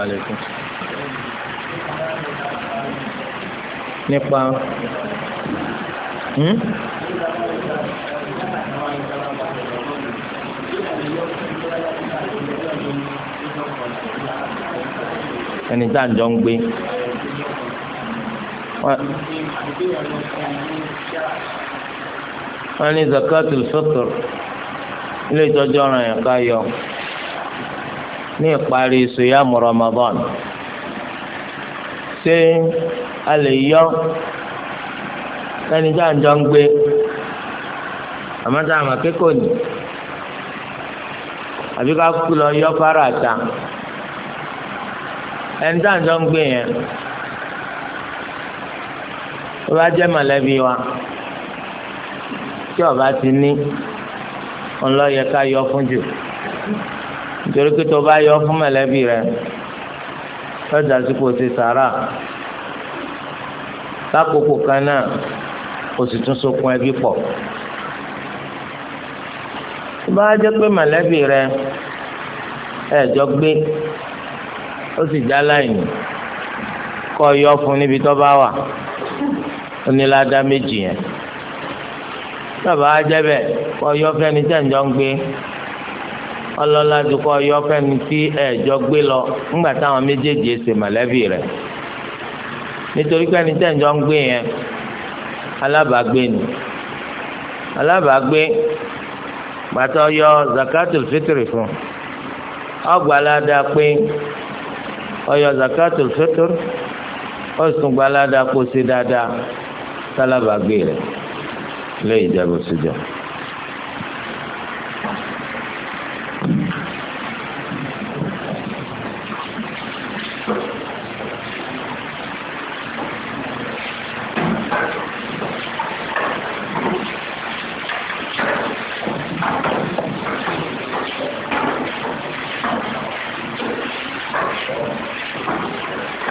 Speaker 1: àlékún. nípa hmm? ẹni tá à ń jọ ń gbé wọ́n ní zakatul fitr ilé ìtọ́jú ọ̀ràn yẹn ká yọ ní ìparí sùyàmù Ramadan ṣé a lè yọ lẹ́ni tí a ń jọ ń gbé àmọ́tá àmọ́ kékeré ni àbí ká kú lọ yọ fara ta ẹni tí a ń jọ ń gbé yẹn ó bá jẹ́ mọ̀lẹ́bí wa tí ọba ti ní ńlọ yẹ ká yọ fún jù nítorí pé tó bá yọ fún mọ̀lẹ́bí rẹ lọ́jà sí kò ṣe sàrà lákòókò kan náà kò sì tún sokun ẹbí pọ̀ tó bá jẹ́ pé mọ̀lẹ́bí rẹ ẹ̀jọ́ gbé ó sì já láìní kọ́ yọ fún níbi tó bá wà ó ní ládá méjì yẹn bàbá ajẹ́bẹ̀ kọ́ yọ fẹ́ni tẹ̀ ń jọ ń gbé. ọlọ́lá dukọ yọfẹ́ni tí ẹ̀jọ́ gbé lọ ńgbà táwọn méjèèjì ẹsẹ̀ mọ̀lẹ́bí rẹ̀ nítorí pé tẹ̀jọ́ ń gbé yẹn alábàágbé ni alábàágbé gbàtọ́ yọ zakatul fitiri fún ọgbàládà pé ọyọ zakatul fitiri ó gbàládà kó sí dáadáa sálábàágbé rẹ̀ lóye ìjẹ́bù